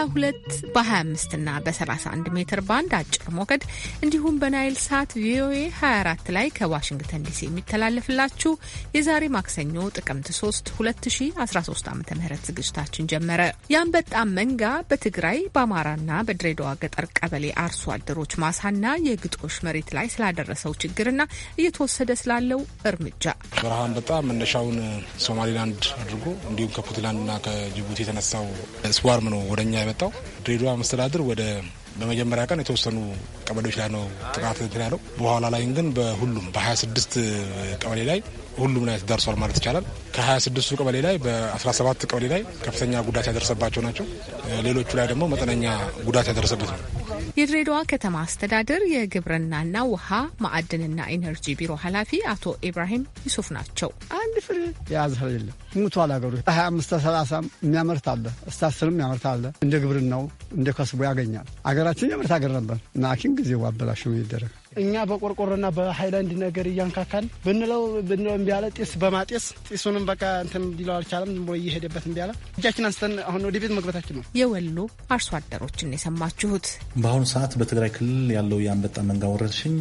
በ በ25 እና በ31 ሜትር ባንድ አጭር ሞገድ እንዲሁም በናይል ሳት ቪኦኤ 24 ላይ ከዋሽንግተን ዲሲ የሚተላለፍላችሁ የዛሬ ማክሰኞ ጥቅምት 3 2013 ዓ ም ዝግጅታችን ጀመረ። የአንበጣ መንጋ በትግራይ በአማራና በድሬዳዋ ገጠር ቀበሌ አርሶ አደሮች ማሳና የግጦሽ መሬት ላይ ስላደረሰው ችግርና እየተወሰደ ስላለው እርምጃ በረሃ አንበጣ መነሻውን ሶማሊላንድ አድርጎ እንዲሁም ከፑንትላንድና ከጅቡቲ የተነሳው ስዋርም ነው ወደኛ የመጣው። ድሬዳዋ መስተዳድር ወደ በመጀመሪያ ቀን የተወሰኑ ቀበሌዎች ላይ ነው ጥቃት ያለው። በኋላ ላይ ግን በሁሉም በ26 ቀበሌ ላይ ሁሉም ላይ ደርሷል ማለት ይቻላል። ከ26ቱ ቀበሌ ላይ በ17 ቀበሌ ላይ ከፍተኛ ጉዳት ያደረሰባቸው ናቸው። ሌሎቹ ላይ ደግሞ መጠነኛ ጉዳት ያደረሰበት ነው። የድሬዳዋ ከተማ አስተዳደር የግብርናና ውሃ ማዕድንና ኢነርጂ ቢሮ ኃላፊ አቶ ኢብራሂም ዩሱፍ ናቸው። አንድ ፍሬ የያዘ ሰው የለም። ሙቷል ሀገሩ ሀያ አምስት ሰላሳ የሚያመርት አለ፣ እስከ አስርም ያመርት አለ። እንደ ግብርናው እንደ ከስቦ ያገኛል። አገራችን የምርት አገር ነበር። ናኪን ጊዜ ዋበላሽ ይደረግ እኛ በቆርቆሮና በሀይላንድ ነገር እያንካካን ብንለው ብንለው እምቢ አለ። ጢስ በማጤስ ጢሱንም በቃ እንትን ሊለው አልቻለም። ዝም ብሎ እየሄደበት እምቢ አለ። እጃችን አንስተን አሁን ወደ ቤት መግባታችን ነው። የወሎ አርሶ አደሮችን የሰማችሁት። በአሁኑ ሰዓት በትግራይ ክልል ያለው የአንበጣ መንጋ ወረርሽኝ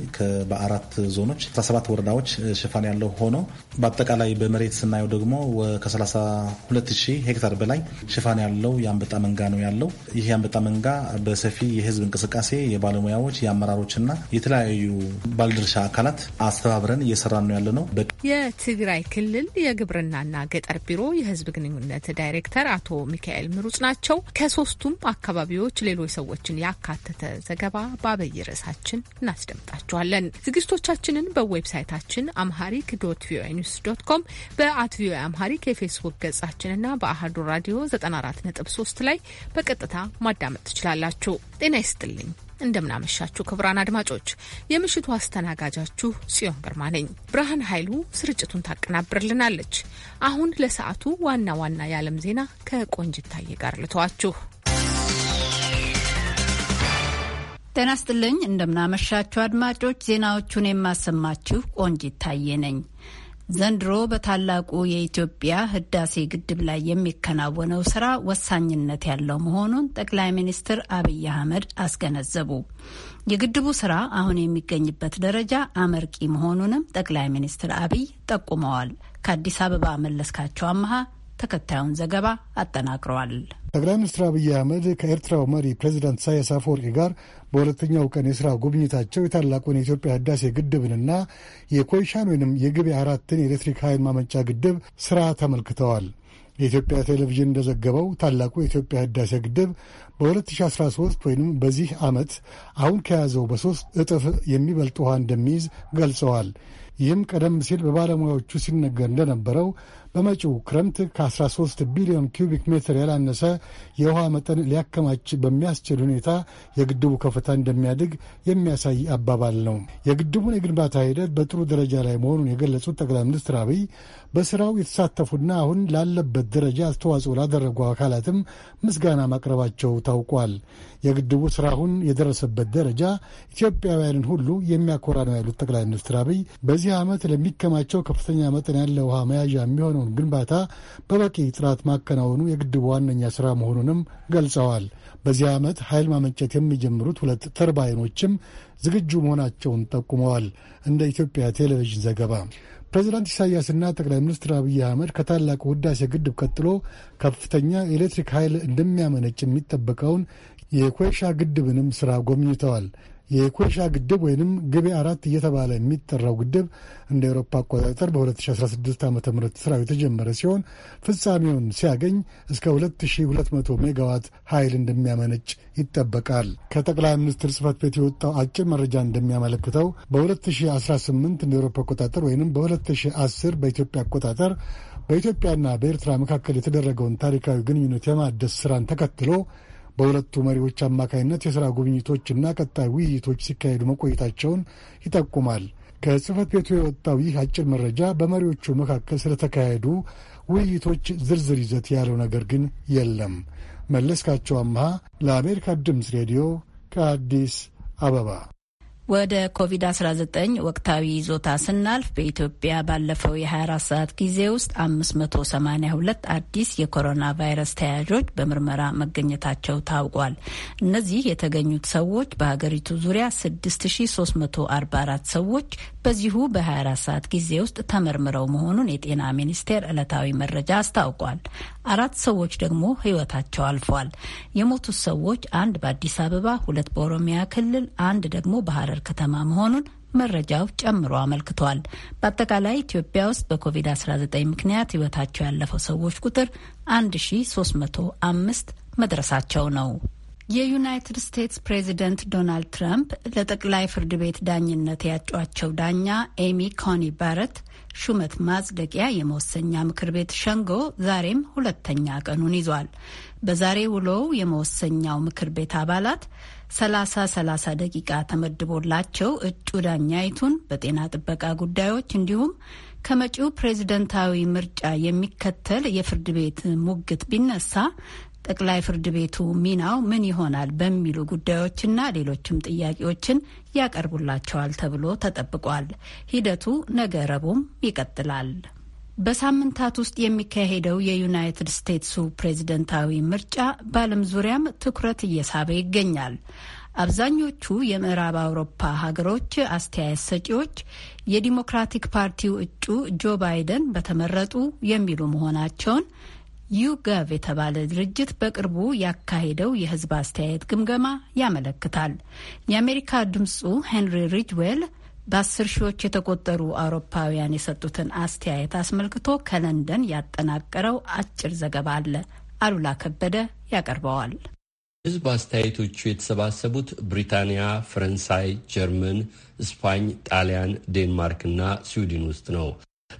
በአራት ዞኖች 17 ወረዳዎች ሽፋን ያለው ሆኖ በአጠቃላይ በመሬት ስናየው ደግሞ ከ32000 ሄክታር በላይ ሽፋን ያለው የአንበጣ መንጋ ነው ያለው። ይህ የአንበጣ መንጋ በሰፊ የህዝብ እንቅስቃሴ የባለሙያዎች የአመራሮችና የተለያዩ የተለያዩ ባለድርሻ አካላት አስተባብረን እየሰራ ነው ያለ ነው። የትግራይ ክልል የግብርናና ገጠር ቢሮ የህዝብ ግንኙነት ዳይሬክተር አቶ ሚካኤል ምሩጽ ናቸው። ከሶስቱም አካባቢዎች ሌሎች ሰዎችን ያካተተ ዘገባ በአበይ ርዕሳችን እናስደምጣችኋለን። ዝግጅቶቻችንን በዌብሳይታችን አምሃሪክ ዶት ቪኦኤ ኒውስ ዶት ኮም በአት ቪኦኤ አምሃሪክ የፌስቡክ ገጻችንና በአህዱ ራዲዮ 94.3 ላይ በቀጥታ ማዳመጥ ትችላላችሁ። ጤና ይስጥልኝ። እንደምናመሻችሁ ክቡራን አድማጮች፣ የምሽቱ አስተናጋጃችሁ ጽዮን ግርማ ነኝ። ብርሃን ኃይሉ ስርጭቱን ታቀናብርልናለች። አሁን ለሰዓቱ ዋና ዋና የዓለም ዜና ከቆንጅታዬ ጋር ልተዋችሁ። ጤና እንደምናመሻችሁ አድማጮች፣ ዜናዎቹን የማሰማችሁ ቆንጅታዬ ነኝ። ዘንድሮ በታላቁ የኢትዮጵያ ህዳሴ ግድብ ላይ የሚከናወነው ስራ ወሳኝነት ያለው መሆኑን ጠቅላይ ሚኒስትር አብይ አህመድ አስገነዘቡ። የግድቡ ስራ አሁን የሚገኝበት ደረጃ አመርቂ መሆኑንም ጠቅላይ ሚኒስትር አብይ ጠቁመዋል። ከአዲስ አበባ መለስካቸው አመሃ ተከታዩን ዘገባ አጠናቅረዋል። ጠቅላይ ሚኒስትር አብይ አህመድ ከኤርትራው መሪ ፕሬዚዳንት ኢሳያስ አፈወርቂ ጋር በሁለተኛው ቀን የስራ ጉብኝታቸው የታላቁን የኢትዮጵያ ህዳሴ ግድብንና የኮይሻን ወይንም የግቤ አራትን የኤሌክትሪክ ኃይል ማመንጫ ግድብ ስራ ተመልክተዋል። የኢትዮጵያ ቴሌቪዥን እንደዘገበው ታላቁ የኢትዮጵያ ህዳሴ ግድብ በ2013 ወይም በዚህ ዓመት አሁን ከያዘው በሦስት እጥፍ የሚበልጥ ውሃ እንደሚይዝ ገልጸዋል። ይህም ቀደም ሲል በባለሙያዎቹ ሲነገር እንደነበረው በመጪው ክረምት ከ13 ቢሊዮን ኪዩቢክ ሜትር ያላነሰ የውሃ መጠን ሊያከማች በሚያስችል ሁኔታ የግድቡ ከፍታ እንደሚያድግ የሚያሳይ አባባል ነው። የግድቡን የግንባታ ሂደት በጥሩ ደረጃ ላይ መሆኑን የገለጹት ጠቅላይ ሚኒስትር አብይ በስራው የተሳተፉና አሁን ላለበት ደረጃ አስተዋጽኦ ላደረጉ አካላትም ምስጋና ማቅረባቸው ታውቋል። የግድቡ ስራ አሁን የደረሰበት ደረጃ ኢትዮጵያውያንን ሁሉ የሚያኮራ ነው ያሉት ጠቅላይ ሚኒስትር አብይ በዚህ ዓመት ለሚከማቸው ከፍተኛ መጠን ያለ ውሃ መያዣ የሚሆነው የካናሉን ግንባታ በበቂ ጥራት ማከናወኑ የግድቡ ዋነኛ ሥራ መሆኑንም ገልጸዋል። በዚህ ዓመት ኃይል ማመንጨት የሚጀምሩት ሁለት ተርባይኖችም ዝግጁ መሆናቸውን ጠቁመዋል። እንደ ኢትዮጵያ ቴሌቪዥን ዘገባ ፕሬዚዳንት ኢሳያስና ጠቅላይ ሚኒስትር አብይ አህመድ ከታላቁ ሕዳሴ ግድብ ቀጥሎ ከፍተኛ የኤሌክትሪክ ኃይል እንደሚያመነጭ የሚጠበቀውን የኮይሻ ግድብንም ሥራ ጎብኝተዋል። የኮይሻ ግድብ ወይንም ግቤ አራት እየተባለ የሚጠራው ግድብ እንደ ኤሮፓ አቆጣጠር በ2016 ዓ ም ስራው የተጀመረ ሲሆን ፍጻሜውን ሲያገኝ እስከ 2200 ሜጋዋት ኃይል እንደሚያመነጭ ይጠበቃል። ከጠቅላይ ሚኒስትር ጽህፈት ቤት የወጣው አጭር መረጃ እንደሚያመለክተው በ2018 እንደ ኤሮፓ አቆጣጠር ወይንም በ2010 በኢትዮጵያ አቆጣጠር በኢትዮጵያና በኤርትራ መካከል የተደረገውን ታሪካዊ ግንኙነት የማደስ ስራን ተከትሎ በሁለቱ መሪዎች አማካኝነት የሥራ ጉብኝቶችና ቀጣይ ውይይቶች ሲካሄዱ መቆየታቸውን ይጠቁማል። ከጽህፈት ቤቱ የወጣው ይህ አጭር መረጃ በመሪዎቹ መካከል ስለተካሄዱ ውይይቶች ዝርዝር ይዘት ያለው ነገር ግን የለም። መለስካቸው አምሃ ለአሜሪካ ድምፅ ሬዲዮ ከአዲስ አበባ ወደ ኮቪድ-19 ወቅታዊ ይዞታ ስናልፍ በኢትዮጵያ ባለፈው የ24 ሰዓት ጊዜ ውስጥ 582 አዲስ የኮሮና ቫይረስ ተያዦች በምርመራ መገኘታቸው ታውቋል። እነዚህ የተገኙት ሰዎች በሀገሪቱ ዙሪያ 6344 ሰዎች በዚሁ በ24 ሰዓት ጊዜ ውስጥ ተመርምረው መሆኑን የጤና ሚኒስቴር ዕለታዊ መረጃ አስታውቋል። አራት ሰዎች ደግሞ ሕይወታቸው አልፏል። የሞቱት ሰዎች አንድ በአዲስ አበባ፣ ሁለት በኦሮሚያ ክልል፣ አንድ ደግሞ በሐረር ከተማ መሆኑን መረጃው ጨምሮ አመልክቷል። በአጠቃላይ ኢትዮጵያ ውስጥ በኮቪድ-19 ምክንያት ህይወታቸው ያለፈው ሰዎች ቁጥር 1305 መድረሳቸው ነው። የዩናይትድ ስቴትስ ፕሬዚደንት ዶናልድ ትራምፕ ለጠቅላይ ፍርድ ቤት ዳኝነት ያጯቸው ዳኛ ኤሚ ኮኒ ባረት ሹመት ማጽደቂያ የመወሰኛ ምክር ቤት ሸንጎ ዛሬም ሁለተኛ ቀኑን ይዟል። በዛሬ ውሎው የመወሰኛው ምክር ቤት አባላት ሰላሳ ሰላሳ ደቂቃ ተመድቦላቸው እጩ ዳኛይቱን በጤና ጥበቃ ጉዳዮች እንዲሁም ከመጪው ፕሬዝደንታዊ ምርጫ የሚከተል የፍርድ ቤት ሙግት ቢነሳ ጠቅላይ ፍርድ ቤቱ ሚናው ምን ይሆናል በሚሉ ጉዳዮችና ሌሎችም ጥያቄዎችን ያቀርቡላቸዋል ተብሎ ተጠብቋል። ሂደቱ ነገ ረቡም ይቀጥላል። በሳምንታት ውስጥ የሚካሄደው የዩናይትድ ስቴትሱ ፕሬዝደንታዊ ምርጫ በዓለም ዙሪያም ትኩረት እየሳበ ይገኛል። አብዛኞቹ የምዕራብ አውሮፓ ሀገሮች አስተያየት ሰጪዎች የዲሞክራቲክ ፓርቲው እጩ ጆ ባይደን በተመረጡ የሚሉ መሆናቸውን ዩገቭ የተባለ ድርጅት በቅርቡ ያካሄደው የሕዝብ አስተያየት ግምገማ ያመለክታል። የአሜሪካ ድምፁ ሄንሪ ሪጅዌል በአስር ሺዎች የተቆጠሩ አውሮፓውያን የሰጡትን አስተያየት አስመልክቶ ከለንደን ያጠናቀረው አጭር ዘገባ አለ። አሉላ ከበደ ያቀርበዋል። ሕዝብ አስተያየቶቹ የተሰባሰቡት ብሪታንያ፣ ፈረንሳይ፣ ጀርመን፣ ስፓኝ፣ ጣሊያን፣ ዴንማርክ እና ስዊድን ውስጥ ነው።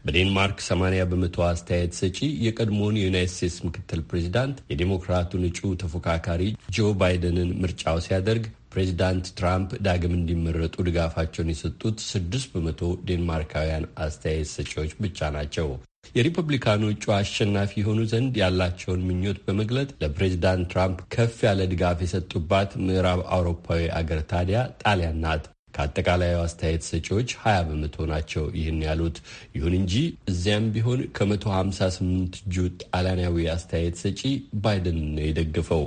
በዴንማርክ 80 በመቶ አስተያየት ሰጪ የቀድሞውን የዩናይት ስቴትስ ምክትል ፕሬዚዳንት የዴሞክራቱን እጩ ተፎካካሪ ጆ ባይደንን ምርጫው ሲያደርግ ፕሬዚዳንት ትራምፕ ዳግም እንዲመረጡ ድጋፋቸውን የሰጡት ስድስት በመቶ ዴንማርካውያን አስተያየት ሰጪዎች ብቻ ናቸው። የሪፐብሊካኑ እጩ አሸናፊ የሆኑ ዘንድ ያላቸውን ምኞት በመግለጥ ለፕሬዚዳንት ትራምፕ ከፍ ያለ ድጋፍ የሰጡባት ምዕራብ አውሮፓዊ አገር ታዲያ ጣሊያን ናት። ከአጠቃላዩ አስተያየት ሰጪዎች 20 በመቶ ናቸው ይህን ያሉት። ይሁን እንጂ እዚያም ቢሆን ከ158 እጁ ጣሊያናዊ አስተያየት ሰጪ ባይደን ነው የደገፈው።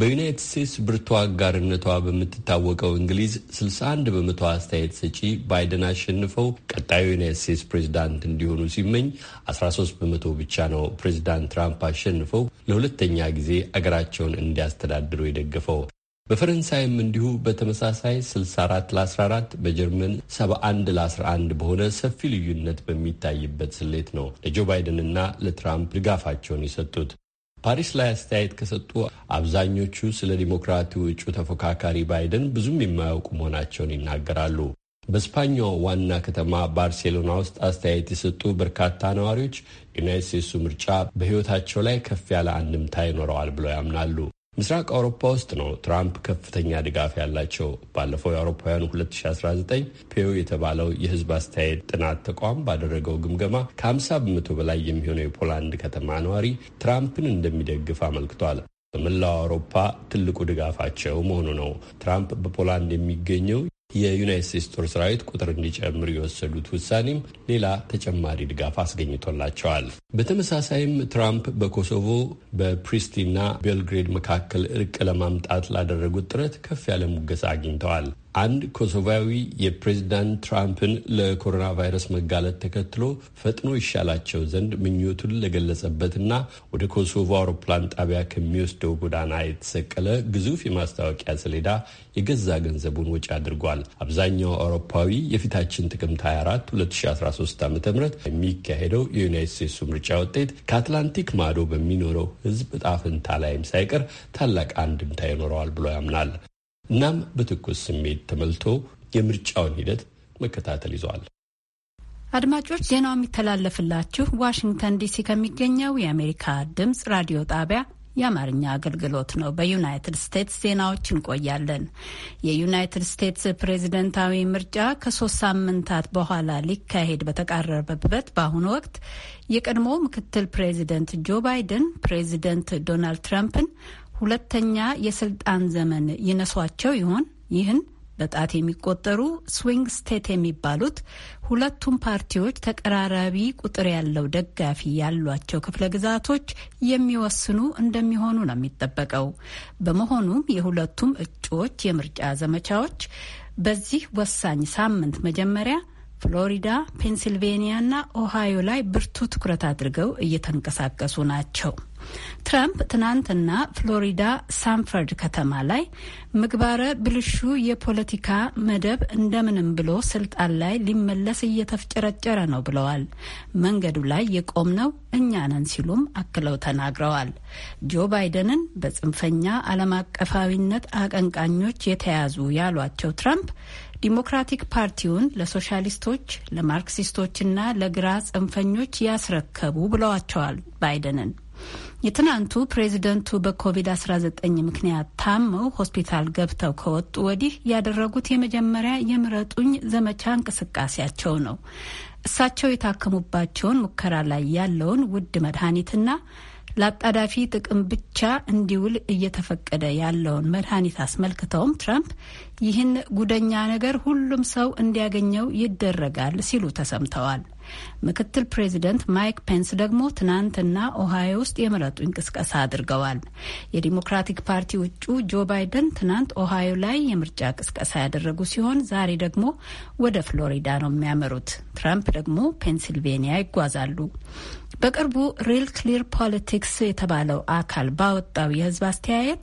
በዩናይትድ ስቴትስ ብርቱ አጋርነቷ በምትታወቀው እንግሊዝ 61 በመቶ አስተያየት ሰጪ ባይደን አሸንፈው ቀጣዩ የዩናይትድ ስቴትስ ፕሬዚዳንት እንዲሆኑ ሲመኝ 13 በመቶ ብቻ ነው ፕሬዚዳንት ትራምፕ አሸንፈው ለሁለተኛ ጊዜ አገራቸውን እንዲያስተዳድሩ የደገፈው። በፈረንሳይም እንዲሁ በተመሳሳይ 64 ለ14 በጀርመን 71 ለ11 በሆነ ሰፊ ልዩነት በሚታይበት ስሌት ነው ለጆ ባይደን እና ለትራምፕ ድጋፋቸውን የሰጡት። ፓሪስ ላይ አስተያየት ከሰጡ አብዛኞቹ ስለ ዲሞክራቲ እጩ ተፎካካሪ ባይደን ብዙም የማያውቁ መሆናቸውን ይናገራሉ። በስፓኛ ዋና ከተማ ባርሴሎና ውስጥ አስተያየት የሰጡ በርካታ ነዋሪዎች ዩናይት ስቴትሱ ምርጫ በሕይወታቸው ላይ ከፍ ያለ አንድምታ ይኖረዋል ብለው ያምናሉ። ምስራቅ አውሮፓ ውስጥ ነው ትራምፕ ከፍተኛ ድጋፍ ያላቸው። ባለፈው የአውሮፓውያኑ 2019 ፔዮ የተባለው የህዝብ አስተያየት ጥናት ተቋም ባደረገው ግምገማ ከ50 በመቶ በላይ የሚሆነው የፖላንድ ከተማ ነዋሪ ትራምፕን እንደሚደግፍ አመልክቷል። በመላው አውሮፓ ትልቁ ድጋፋቸው መሆኑ ነው። ትራምፕ በፖላንድ የሚገኘው የዩናይት ስቴትስ ጦር ሰራዊት ቁጥር እንዲጨምር የወሰዱት ውሳኔም ሌላ ተጨማሪ ድጋፍ አስገኝቶላቸዋል። በተመሳሳይም ትራምፕ በኮሶቮ በፕሪስቲና ቤልግሬድ መካከል እርቅ ለማምጣት ላደረጉት ጥረት ከፍ ያለ ሙገሳ አግኝተዋል። አንድ ኮሶቫዊ የፕሬዚዳንት ትራምፕን ለኮሮና ቫይረስ መጋለጥ ተከትሎ ፈጥኖ ይሻላቸው ዘንድ ምኞቱን ለገለጸበትና ወደ ኮሶቮ አውሮፕላን ጣቢያ ከሚወስደው ጎዳና የተሰቀለ ግዙፍ የማስታወቂያ ሰሌዳ የገዛ ገንዘቡን ወጪ አድርጓል። አብዛኛው አውሮፓዊ የፊታችን ጥቅምት 24 2013 ዓ ም የሚካሄደው የዩናይት ስቴትሱ ምርጫ ውጤት ከአትላንቲክ ማዶ በሚኖረው ሕዝብ እጣ ፈንታ ላይም ሳይቀር ታላቅ አንድምታ ይኖረዋል ብሎ ያምናል። እናም በትኩስ ስሜት ተሞልቶ የምርጫውን ሂደት መከታተል ይዟል። አድማጮች ዜናው የሚተላለፍላችሁ ዋሽንግተን ዲሲ ከሚገኘው የአሜሪካ ድምፅ ራዲዮ ጣቢያ የአማርኛ አገልግሎት ነው። በዩናይትድ ስቴትስ ዜናዎች እንቆያለን። የዩናይትድ ስቴትስ ፕሬዝደንታዊ ምርጫ ከሶስት ሳምንታት በኋላ ሊካሄድ በተቃረበበት በአሁኑ ወቅት የቀድሞ ምክትል ፕሬዝደንት ጆ ባይደን ፕሬዝደንት ዶናልድ ትራምፕን ሁለተኛ የስልጣን ዘመን ይነሷቸው ይሆን? ይህን በጣት የሚቆጠሩ ስዊንግ ስቴት የሚባሉት ሁለቱም ፓርቲዎች ተቀራራቢ ቁጥር ያለው ደጋፊ ያሏቸው ክፍለ ግዛቶች የሚወስኑ እንደሚሆኑ ነው የሚጠበቀው። በመሆኑም የሁለቱም እጩዎች የምርጫ ዘመቻዎች በዚህ ወሳኝ ሳምንት መጀመሪያ ፍሎሪዳ፣ ፔንሲልቬኒያና ኦሃዮ ላይ ብርቱ ትኩረት አድርገው እየተንቀሳቀሱ ናቸው። ትራምፕ ትናንትና ፍሎሪዳ ሳንፈርድ ከተማ ላይ ምግባረ ብልሹ የፖለቲካ መደብ እንደምንም ብሎ ስልጣን ላይ ሊመለስ እየተፍጨረጨረ ነው ብለዋል። መንገዱ ላይ የቆምነው እኛ ነን ሲሉም አክለው ተናግረዋል። ጆ ባይደንን በጽንፈኛ ዓለም አቀፋዊነት አቀንቃኞች የተያዙ ያሏቸው ትራምፕ ዲሞክራቲክ ፓርቲውን ለሶሻሊስቶች፣ ለማርክሲስቶችና ለግራ ጽንፈኞች ያስረከቡ ብለዋቸዋል ባይደንን የትናንቱ ፕሬዚደንቱ በኮቪድ-19 ምክንያት ታመው ሆስፒታል ገብተው ከወጡ ወዲህ ያደረጉት የመጀመሪያ የምረጡኝ ዘመቻ እንቅስቃሴያቸው ነው። እሳቸው የታከሙባቸውን ሙከራ ላይ ያለውን ውድ መድኃኒትና ለአጣዳፊ ጥቅም ብቻ እንዲውል እየተፈቀደ ያለውን መድኃኒት አስመልክተውም ትራምፕ ይህን ጉደኛ ነገር ሁሉም ሰው እንዲያገኘው ይደረጋል ሲሉ ተሰምተዋል። ምክትል ፕሬዚደንት ማይክ ፔንስ ደግሞ ትናንትና ኦሃዮ ውስጥ የምረጡ እንቅስቀሳ አድርገዋል። የዲሞክራቲክ ፓርቲ ውጩ ጆ ባይደን ትናንት ኦሃዮ ላይ የምርጫ ቅስቀሳ ያደረጉ ሲሆን ዛሬ ደግሞ ወደ ፍሎሪዳ ነው የሚያመሩት። ትራምፕ ደግሞ ፔንሲልቬኒያ ይጓዛሉ። በቅርቡ ሪል ክሊር ፖለቲክስ የተባለው አካል ባወጣው የህዝብ አስተያየት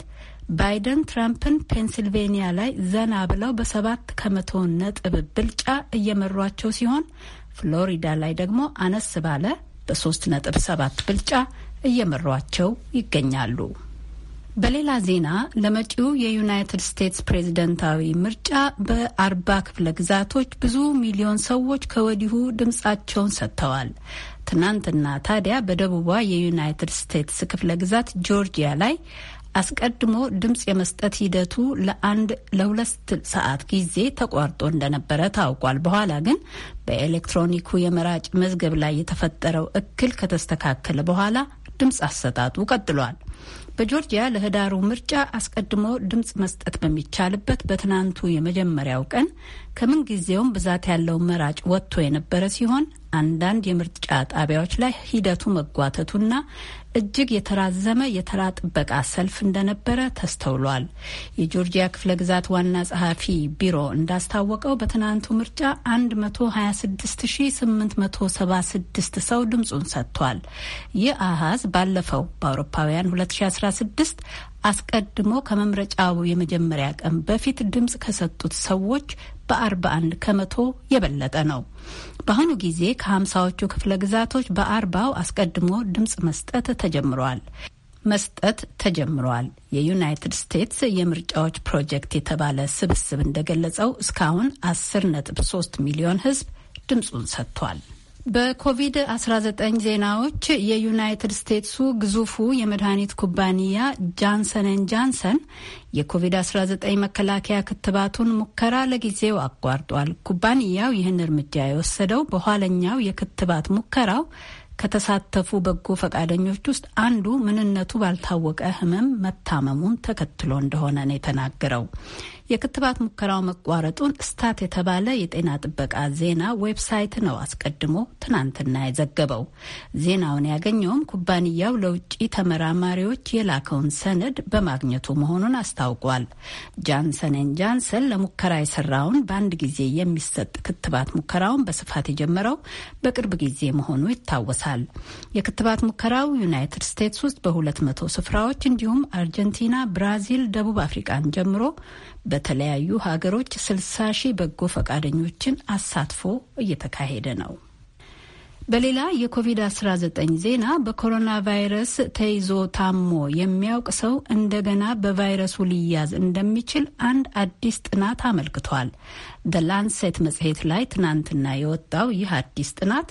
ባይደን ትራምፕን ፔንሲልቬኒያ ላይ ዘና ብለው በሰባት ከመቶ ነጥብ ብልጫ እየመሯቸው ሲሆን ፍሎሪዳ ላይ ደግሞ አነስ ባለ በሶስት ነጥብ ሰባት ብልጫ እየመሯቸው ይገኛሉ። በሌላ ዜና ለመጪው የዩናይትድ ስቴትስ ፕሬዝደንታዊ ምርጫ በአርባ ክፍለ ግዛቶች ብዙ ሚሊዮን ሰዎች ከወዲሁ ድምጻቸውን ሰጥተዋል። ትናንትና ታዲያ በደቡቧ የዩናይትድ ስቴትስ ክፍለ ግዛት ጆርጂያ ላይ አስቀድሞ ድምፅ የመስጠት ሂደቱ ለአንድ ለሁለት ሰዓት ጊዜ ተቋርጦ እንደነበረ ታውቋል። በኋላ ግን በኤሌክትሮኒኩ የመራጭ መዝገብ ላይ የተፈጠረው እክል ከተስተካከለ በኋላ ድምፅ አሰጣጡ ቀጥሏል። በጆርጂያ ለህዳሩ ምርጫ አስቀድሞ ድምፅ መስጠት በሚቻልበት በትናንቱ የመጀመሪያው ቀን ከምን ጊዜውም ብዛት ያለው መራጭ ወጥቶ የነበረ ሲሆን አንዳንድ የምርጫ ጣቢያዎች ላይ ሂደቱ መጓተቱና እጅግ የተራዘመ የተራ ጥበቃ ሰልፍ እንደነበረ ተስተውሏል። የጆርጂያ ክፍለ ግዛት ዋና ጸሐፊ ቢሮ እንዳስታወቀው በትናንቱ ምርጫ 126876 ሰው ድምፁን ሰጥቷል። ይህ አሃዝ ባለፈው በአውሮፓውያን 2016 አስቀድሞ ከመምረጫው የመጀመሪያ ቀን በፊት ድምፅ ከሰጡት ሰዎች በ41 ከመቶ የበለጠ ነው። በአሁኑ ጊዜ ከሀምሳዎቹ ክፍለ ግዛቶች በአርባው አስቀድሞ ድምፅ መስጠት ተጀምረዋል መስጠት ተጀምረዋል። የዩናይትድ ስቴትስ የምርጫዎች ፕሮጀክት የተባለ ስብስብ እንደገለጸው እስካሁን 10.3 ሚሊዮን ህዝብ ድምፁን ሰጥቷል። በኮቪድ-19 ዜናዎች የዩናይትድ ስቴትሱ ግዙፉ የመድኃኒት ኩባንያ ጃንሰንን ጃንሰን የኮቪድ-19 መከላከያ ክትባቱን ሙከራ ለጊዜው አቋርጧል። ኩባንያው ይህን እርምጃ የወሰደው በኋለኛው የክትባት ሙከራው ከተሳተፉ በጎ ፈቃደኞች ውስጥ አንዱ ምንነቱ ባልታወቀ ሕመም መታመሙን ተከትሎ እንደሆነ ነው የተናገረው። የክትባት ሙከራው መቋረጡን ስታት የተባለ የጤና ጥበቃ ዜና ዌብሳይት ነው አስቀድሞ ትናንትና የዘገበው። ዜናውን ያገኘውም ኩባንያው ለውጭ ተመራማሪዎች የላከውን ሰነድ በማግኘቱ መሆኑን አስታውቋል። ጃንሰን ኤን ጃንሰን ለሙከራ የሰራውን በአንድ ጊዜ የሚሰጥ ክትባት ሙከራውን በስፋት የጀመረው በቅርብ ጊዜ መሆኑ ይታወሳል። የክትባት ሙከራው ዩናይትድ ስቴትስ ውስጥ በሁለት መቶ ስፍራዎች እንዲሁም አርጀንቲና፣ ብራዚል፣ ደቡብ አፍሪቃን ጀምሮ በተለያዩ ሀገሮች 60 ሺህ በጎ ፈቃደኞችን አሳትፎ እየተካሄደ ነው። በሌላ የኮቪድ-19 ዜና በኮሮና ቫይረስ ተይዞ ታሞ የሚያውቅ ሰው እንደገና በቫይረሱ ሊያዝ እንደሚችል አንድ አዲስ ጥናት አመልክቷል። ደ ላንሴት መጽሔት ላይ ትናንትና የወጣው ይህ አዲስ ጥናት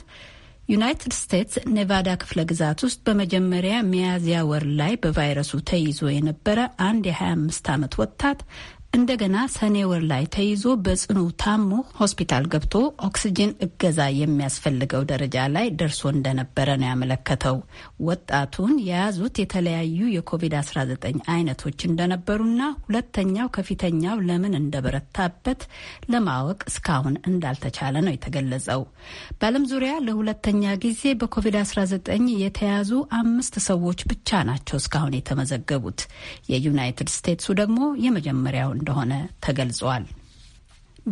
ዩናይትድ ስቴትስ ኔቫዳ ክፍለ ግዛት ውስጥ በመጀመሪያ ሚያዝያ ወር ላይ በቫይረሱ ተይዞ የነበረ አንድ የ25 ዓመት ወጣት እንደገና ሰኔ ወር ላይ ተይዞ በጽኑ ታሞ ሆስፒታል ገብቶ ኦክስጅን እገዛ የሚያስፈልገው ደረጃ ላይ ደርሶ እንደነበረ ነው ያመለከተው። ወጣቱን የያዙት የተለያዩ የኮቪድ-19 አይነቶች እንደነበሩና ሁለተኛው ከፊተኛው ለምን እንደበረታበት ለማወቅ እስካሁን እንዳልተቻለ ነው የተገለጸው። በዓለም ዙሪያ ለሁለተኛ ጊዜ በኮቪድ-19 የተያዙ አምስት ሰዎች ብቻ ናቸው እስካሁን የተመዘገቡት። የዩናይትድ ስቴትሱ ደግሞ የመጀመሪያውን እንደሆነ ተገልጿል።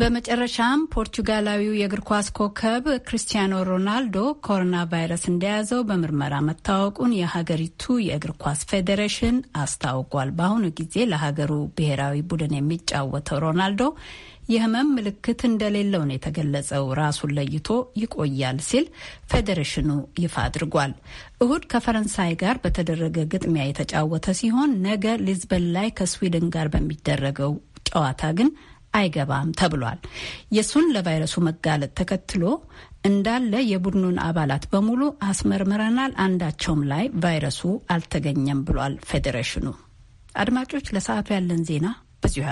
በመጨረሻም ፖርቹጋላዊው የእግር ኳስ ኮከብ ክሪስቲያኖ ሮናልዶ ኮሮና ቫይረስ እንደያዘው በምርመራ መታወቁን የሀገሪቱ የእግር ኳስ ፌዴሬሽን አስታውቋል። በአሁኑ ጊዜ ለሀገሩ ብሔራዊ ቡድን የሚጫወተው ሮናልዶ የህመም ምልክት እንደሌለው ነው የተገለጸው። ራሱን ለይቶ ይቆያል ሲል ፌዴሬሽኑ ይፋ አድርጓል። እሁድ ከፈረንሳይ ጋር በተደረገ ግጥሚያ የተጫወተ ሲሆን ነገ ሊዝበን ላይ ከስዊድን ጋር በሚደረገው ጨዋታ ግን አይገባም ተብሏል። የሱን ለቫይረሱ መጋለጥ ተከትሎ እንዳለ የቡድኑን አባላት በሙሉ አስመርምረናል፣ አንዳቸውም ላይ ቫይረሱ አልተገኘም ብሏል ፌዴሬሽኑ። አድማጮች፣ ለሰዓቱ ያለን ዜና በዚሁ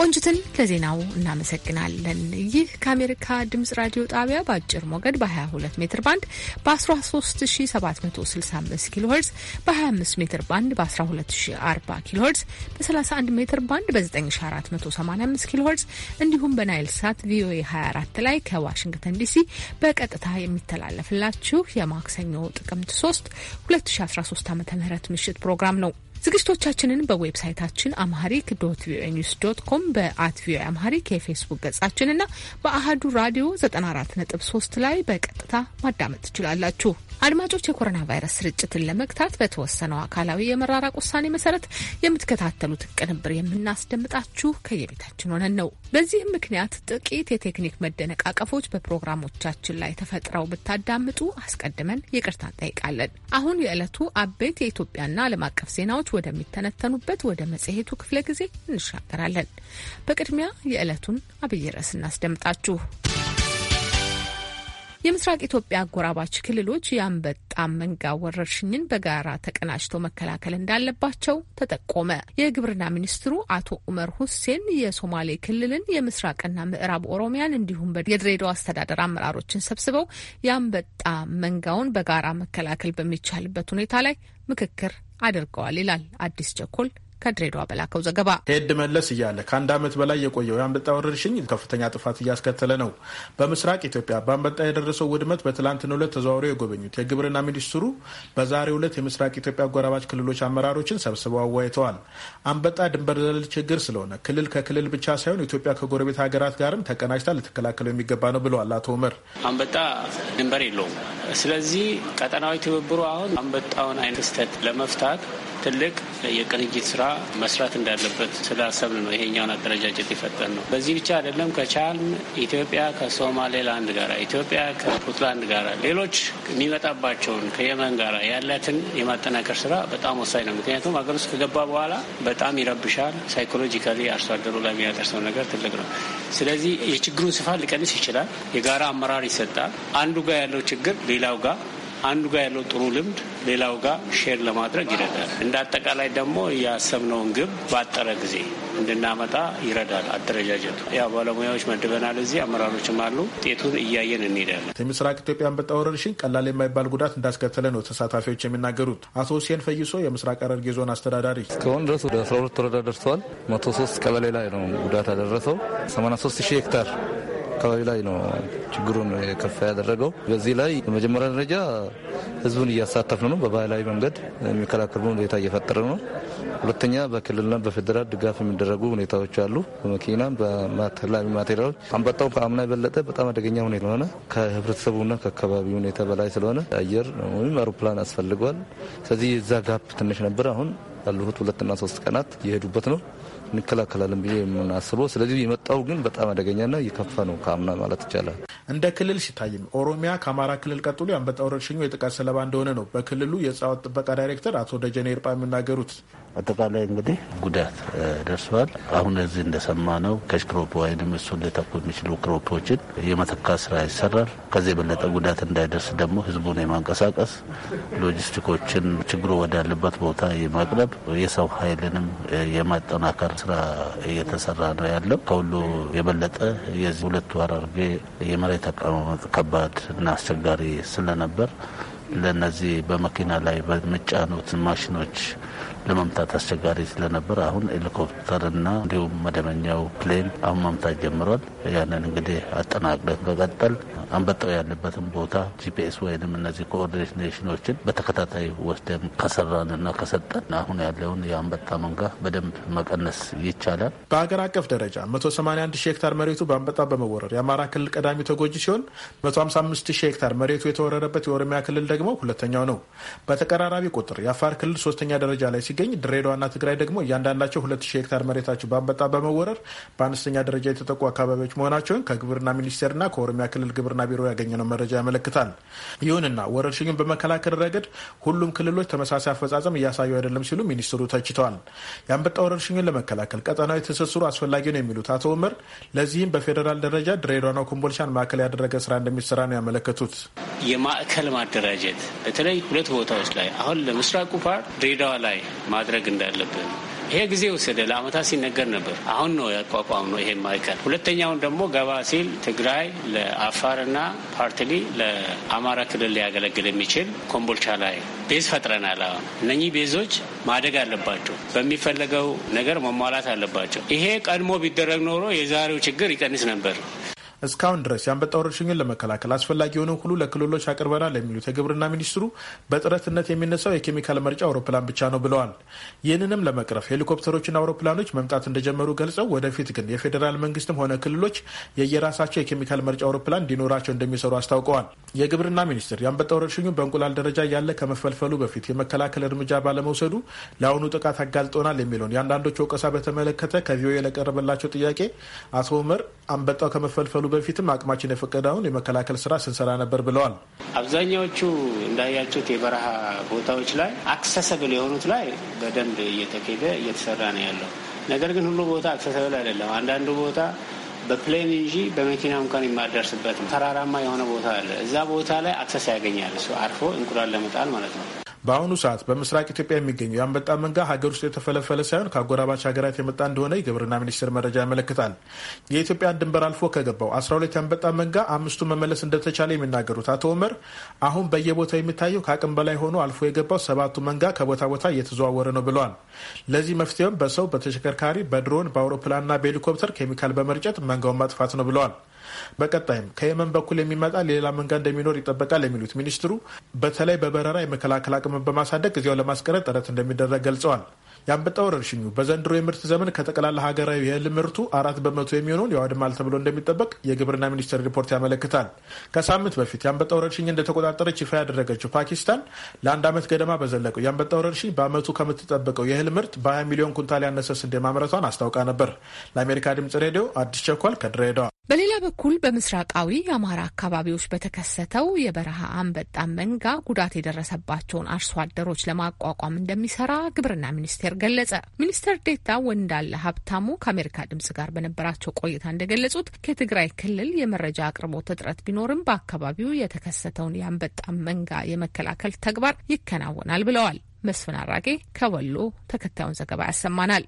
ቆንጅትን ለዜናው እናመሰግናለን። ይህ ከአሜሪካ ድምጽ ራዲዮ ጣቢያ በአጭር ሞገድ በ22 ሜትር ባንድ በ13765 ኪሎ ሄርዝ በ25 ሜትር ባንድ በ1240 ኪሎ ሄርዝ በ31 ሜትር ባንድ በ9485 ኪሎ ሄርዝ እንዲሁም በናይል ሳት ቪኦኤ 24 ላይ ከዋሽንግተን ዲሲ በቀጥታ የሚተላለፍላችሁ የማክሰኞ ጥቅምት 3 2013 ዓ ም ምሽት ፕሮግራም ነው። ዝግጅቶቻችንን በዌብሳይታችን አምሃሪክ ዶት ቪኦኤ ኒውስ ዶት ኮም በአት ቪኦኤ አምሃሪክ የፌስቡክ ገጻችንና በአህዱ ራዲዮ 94.3 ላይ በቀጥታ ማዳመጥ ትችላላችሁ። አድማጮች የኮሮና ቫይረስ ስርጭትን ለመግታት በተወሰነው አካላዊ የመራራቅ ውሳኔ መሰረት የምትከታተሉት ቅንብር የምናስደምጣችሁ ከየቤታችን ሆነን ነው። በዚህም ምክንያት ጥቂት የቴክኒክ መደነቃቀፎች በፕሮግራሞቻችን ላይ ተፈጥረው ብታዳምጡ አስቀድመን ይቅርታ እንጠይቃለን። አሁን የዕለቱ አበይት የኢትዮጵያና ዓለም አቀፍ ዜናዎች ወደሚተነተኑበት ወደ መጽሔቱ ክፍለ ጊዜ እንሻገራለን። በቅድሚያ የዕለቱን አብይ ርዕስ እናስደምጣችሁ። የምስራቅ ኢትዮጵያ አጎራባች ክልሎች የአንበጣ መንጋ ወረርሽኝን በጋራ ተቀናጅተው መከላከል እንዳለባቸው ተጠቆመ። የግብርና ሚኒስትሩ አቶ ኡመር ሁሴን የሶማሌ ክልልን የምስራቅና ምዕራብ ኦሮሚያን እንዲሁም የድሬዳዋ አስተዳደር አመራሮችን ሰብስበው የአንበጣ መንጋውን በጋራ መከላከል በሚቻልበት ሁኔታ ላይ ምክክር አድርገዋል ይላል አዲስ ቸኮል ከድሬዳዋ በላከው ዘገባ ሄድ መለስ እያለ ከአንድ ዓመት በላይ የቆየው የአንበጣ ወረርሽኝ ከፍተኛ ጥፋት እያስከተለ ነው። በምስራቅ ኢትዮጵያ በአንበጣ የደረሰው ውድመት በትላንትናው ዕለት ተዘዋውረው የጎበኙት የግብርና ሚኒስትሩ በዛሬው ዕለት የምስራቅ ኢትዮጵያ አጎራባች ክልሎች አመራሮችን ሰብስበው አወያይተዋል። አንበጣ ድንበር ዘለል ችግር ስለሆነ ክልል ከክልል ብቻ ሳይሆን ኢትዮጵያ ከጎረቤት ሀገራት ጋርም ተቀናጅታ ልትከላከለው የሚገባ ነው ብለዋል አቶ ኡመር። አንበጣ ድንበር የለውም። ስለዚህ ቀጠናዊ ትብብሩ አሁን አንበጣውን አይነት ክስተት ለመፍታት ትልቅ የቅንጅት ስራ መስራት እንዳለበት ስላሰብን ነው ይሄኛውን አደረጃጀት የፈጠን ነው። በዚህ ብቻ አይደለም። ከቻልን ኢትዮጵያ ከሶማሌላንድ ጋራ፣ ኢትዮጵያ ከፑትላንድ ጋራ፣ ሌሎች የሚመጣባቸውን ከየመን ጋራ ያላትን የማጠናከር ስራ በጣም ወሳኝ ነው። ምክንያቱም ሀገር ውስጥ ከገባ በኋላ በጣም ይረብሻል። ሳይኮሎጂካሊ አርሶ አደሩ ላይ የሚያደርሰው ነገር ትልቅ ነው። ስለዚህ የችግሩን ስፋት ሊቀንስ ይችላል። የጋራ አመራር ይሰጣል። አንዱ ጋር ያለው ችግር ሌላው ጋር አንዱ ጋር ያለው ጥሩ ልምድ ሌላው ጋር ሼር ለማድረግ ይረዳል። እንደ አጠቃላይ ደግሞ ያሰብነውን ግብ ባጠረ ጊዜ እንድናመጣ ይረዳል። አደረጃጀቱ ያው ባለሙያዎች መድበናል፣ እዚህ አመራሮችም አሉ። ውጤቱን እያየን እንሄዳለን። የምስራቅ ኢትዮጵያ አንበጣ ወረርሽኝ ቀላል የማይባል ጉዳት እንዳስከተለ ነው ተሳታፊዎች የሚናገሩት። አቶ ሁሴን ፈይሶ የምስራቅ ሐረርጌ ዞን አስተዳዳሪ፣ እስካሁን ድረስ ወደ 12 ወረዳ ደርሰዋል። 103 ቀበሌ ላይ ነው ጉዳት ያደረሰው 83 ሺህ ሄክታር አካባቢ ላይ ነው ችግሩን የከፋ ያደረገው። በዚህ ላይ በመጀመሪያ ደረጃ ህዝቡን እያሳተፍን ነው። በባህላዊ መንገድ የሚከላከል ሁኔታ እየፈጠረ ነው። ሁለተኛ በክልልና በፌዴራል ድጋፍ የሚደረጉ ሁኔታዎች አሉ። በመኪና በተለያዩ ማቴሪያሎች አንበጣው ከአምና የበለጠ በጣም አደገኛ ሁኔታ ስለሆነ ከህብረተሰቡና ከአካባቢ ሁኔታ በላይ ስለሆነ አየር ወይም አውሮፕላን አስፈልጓል። ስለዚህ የዛ ጋፕ ትንሽ ነበር። አሁን ያለፉት ሁለትና ሶስት ቀናት የሄዱበት ነው። እንከላከላለን ብዬ የምናስበው። ስለዚህ የመጣው ግን በጣም አደገኛና የከፋ ነው ከአምና ማለት ይቻላል። እንደ ክልል ሲታይም ኦሮሚያ ከአማራ ክልል ቀጥሎ የአንበጣ ወረርሽኙ የጥቃት ሰለባ እንደሆነ ነው በክልሉ የእጽዋት ጥበቃ ዳይሬክተር አቶ ደጀኔ ይርጳ የሚናገሩት። አጠቃላይ እንግዲህ ጉዳት ደርሰዋል። አሁን እዚህ እንደሰማ ነው ከሽክሮፕ ወይም እሱን ሊተኩ የሚችሉ ክሮፖችን የመተካት ስራ ይሰራል። ከዚህ የበለጠ ጉዳት እንዳይደርስ ደግሞ ህዝቡን የማንቀሳቀስ ሎጂስቲኮችን ችግሩ ወዳለበት ቦታ የማቅረብ የሰው ኃይልንም የማጠናከር ስራ እየተሰራ ነው ያለው። ከሁሉ የበለጠ የዚህ ሁለቱ ሐረርጌ የመሬት አቀማመጥ ከባድ እና አስቸጋሪ ስለነበር ለነዚህ በመኪና ላይ በሚጫኑት ማሽኖች ለመምታት አስቸጋሪ ስለነበር አሁን ሄሊኮፕተርና እንዲሁም መደበኛው ፕሌን አሁን መምታት ጀምሯል። ያንን እንግዲህ አጠናቅለት በቀጠል አንበጣው ያለበትን ቦታ ጂፒኤስ ወይንም እነዚህ ኮኦርዲኔሽኖችን በተከታታይ ወስደን ከሰራንና ከሰጠን አሁን ያለውን የአንበጣ መንጋ በደንብ መቀነስ ይቻላል። በሀገር አቀፍ ደረጃ 181 ሺህ ሄክታር መሬቱ በአንበጣ በመወረር የአማራ ክልል ቀዳሚ ተጎጂ ሲሆን 155 ሺህ ሄክታር መሬቱ የተወረረበት የኦሮሚያ ክልል ደግሞ ሁለተኛው ነው። በተቀራራቢ ቁጥር የአፋር ክልል ሶስተኛ ደረጃ ላይ ሲገኝ ድሬዳዋና ትግራይ ደግሞ እያንዳንዳቸው ሁለት ሺህ ሄክታር መሬታቸው በአንበጣ በመወረር በአነስተኛ ደረጃ የተጠቁ አካባቢዎች መሆናቸውን ከግብርና ሚኒስቴርና ከኦሮሚያ ክልል ግብርና ቢሮ ያገኘነው መረጃ ያመለክታል። ይሁንና ወረርሽኙን በመከላከል ረገድ ሁሉም ክልሎች ተመሳሳይ አፈጻጸም እያሳዩ አይደለም ሲሉ ሚኒስትሩ ተችተዋል። የአንበጣ ወረርሽኙን ለመከላከል ቀጠናዊ ትስስሩ አስፈላጊ ነው የሚሉት አቶ ኡመር ለዚህም በፌዴራል ደረጃ ድሬዳዋና ኮምቦልቻን ማዕከል ያደረገ ስራ እንደሚሰራ ነው ያመለከቱት። የማዕከል ማደራጀት በተለይ ሁለት ቦታዎች ላይ አሁን ለምስራቁ ፓርት ድሬዳዋ ላይ ማድረግ እንዳለብን ይሄ ጊዜ ወሰደ። ለአመታት ሲነገር ነበር። አሁን ነው ያቋቋም ነው ይሄ ማዕከል። ሁለተኛውን ደግሞ ገባ ሲል ትግራይ ለአፋርና ፓርትሊ ለአማራ ክልል ሊያገለግል የሚችል ኮምቦልቻ ላይ ቤዝ ፈጥረናል። አሁን እነኚህ ቤዞች ማደግ አለባቸው፣ በሚፈለገው ነገር መሟላት አለባቸው። ይሄ ቀድሞ ቢደረግ ኖሮ የዛሬው ችግር ይቀንስ ነበር። እስካሁን ድረስ የአንበጣ ወረርሽኝን ለመከላከል አስፈላጊ የሆነ ሁሉ ለክልሎች አቅርበናል የሚሉት የግብርና ሚኒስትሩ በጥረትነት የሚነሳው የኬሚካል መርጫ አውሮፕላን ብቻ ነው ብለዋል። ይህንንም ለመቅረፍ ሄሊኮፕተሮችና አውሮፕላኖች መምጣት እንደጀመሩ ገልጸው ወደፊት ግን የፌዴራል መንግስትም ሆነ ክልሎች የየራሳቸው የኬሚካል መርጫ አውሮፕላን እንዲኖራቸው እንደሚሰሩ አስታውቀዋል። የግብርና ሚኒስትር የአንበጣ ወረርሽኙ በእንቁላል ደረጃ ያለ ከመፈልፈሉ በፊት የመከላከል እርምጃ ባለመውሰዱ ለአሁኑ ጥቃት አጋልጦናል የሚለውን የአንዳንዶች ወቀሳ በተመለከተ ከቪኦኤ ለቀረበላቸው ጥያቄ አቶ ኡመር አንበጣው ከመፈልፈሉ በፊትም አቅማችን የፈቀደውን የመከላከል ስራ ስንሰራ ነበር ብለዋል። አብዛኛዎቹ እንዳያችሁት የበረሃ ቦታዎች ላይ አክሰሰብል የሆኑት ላይ በደንብ እየተኬደ እየተሰራ ነው ያለው። ነገር ግን ሁሉ ቦታ አክሰሰብል አይደለም። አንዳንዱ ቦታ በፕሌን እንጂ በመኪና እንኳን የማደርስበት ተራራማ የሆነ ቦታ አለ። እዛ ቦታ ላይ አክሰስ ያገኛል እሱ አርፎ እንቁላል ለመጣል ማለት ነው። በአሁኑ ሰዓት በምስራቅ ኢትዮጵያ የሚገኘው የአንበጣ መንጋ ሀገር ውስጥ የተፈለፈለ ሳይሆን ከአጎራባች ሀገራት የመጣ እንደሆነ የግብርና ሚኒስቴር መረጃ ያመለክታል። የኢትዮጵያን ድንበር አልፎ ከገባው 12 የአንበጣ መንጋ አምስቱ መመለስ እንደተቻለ የሚናገሩት አቶ ኦመር አሁን በየቦታው የሚታየው ከአቅም በላይ ሆኖ አልፎ የገባው ሰባቱ መንጋ ከቦታ ቦታ እየተዘዋወረ ነው ብለዋል። ለዚህ መፍትሄውም በሰው በተሽከርካሪ፣ በድሮን፣ በአውሮፕላንና በሄሊኮፕተር ኬሚካል በመርጨት መንጋውን ማጥፋት ነው ብለዋል። በቀጣይም ከየመን በኩል የሚመጣ ሌላ መንጋ እንደሚኖር ይጠበቃል የሚሉት ሚኒስትሩ በተለይ በበረራ የመከላከል አቅምን በማሳደግ እዚያው ለማስቀረት ጥረት እንደሚደረግ ገልጸዋል። የአንበጣ ወረርሽኙ በዘንድሮ የምርት ዘመን ከጠቅላላ ሀገራዊ የእህል ምርቱ አራት በመቶ የሚሆነውን ያወድማል ተብሎ እንደሚጠበቅ የግብርና ሚኒስቴር ሪፖርት ያመለክታል። ከሳምንት በፊት የአንበጣ ወረርሽኝ እንደተቆጣጠረች ይፋ ያደረገችው ፓኪስታን ለአንድ ዓመት ገደማ በዘለቀው የአንበጣ ወረርሽኝ በዓመቱ ከምትጠበቀው የእህል ምርት በ20 ሚሊዮን ኩንታል ያነሰ ስንዴ ማምረቷን አስታውቃ ነበር። ለአሜሪካ ድምጽ ሬዲዮ አዲስ ቸኳል ከድሬዳዋ በሌላ በኩል በምስራቃዊ የአማራ አካባቢዎች በተከሰተው የበረሃ አንበጣ መንጋ ጉዳት የደረሰባቸውን አርሶ አደሮች ለማቋቋም እንደሚሰራ ግብርና ሚኒስቴር ገለጸ። ሚኒስትር ዴታ ወንዳለ ሀብታሙ ከአሜሪካ ድምጽ ጋር በነበራቸው ቆይታ እንደገለጹት ከትግራይ ክልል የመረጃ አቅርቦት እጥረት ቢኖርም በአካባቢው የተከሰተውን የአንበጣ መንጋ የመከላከል ተግባር ይከናወናል ብለዋል። መስፍን አራጌ ከወሎ ተከታዩን ዘገባ ያሰማናል።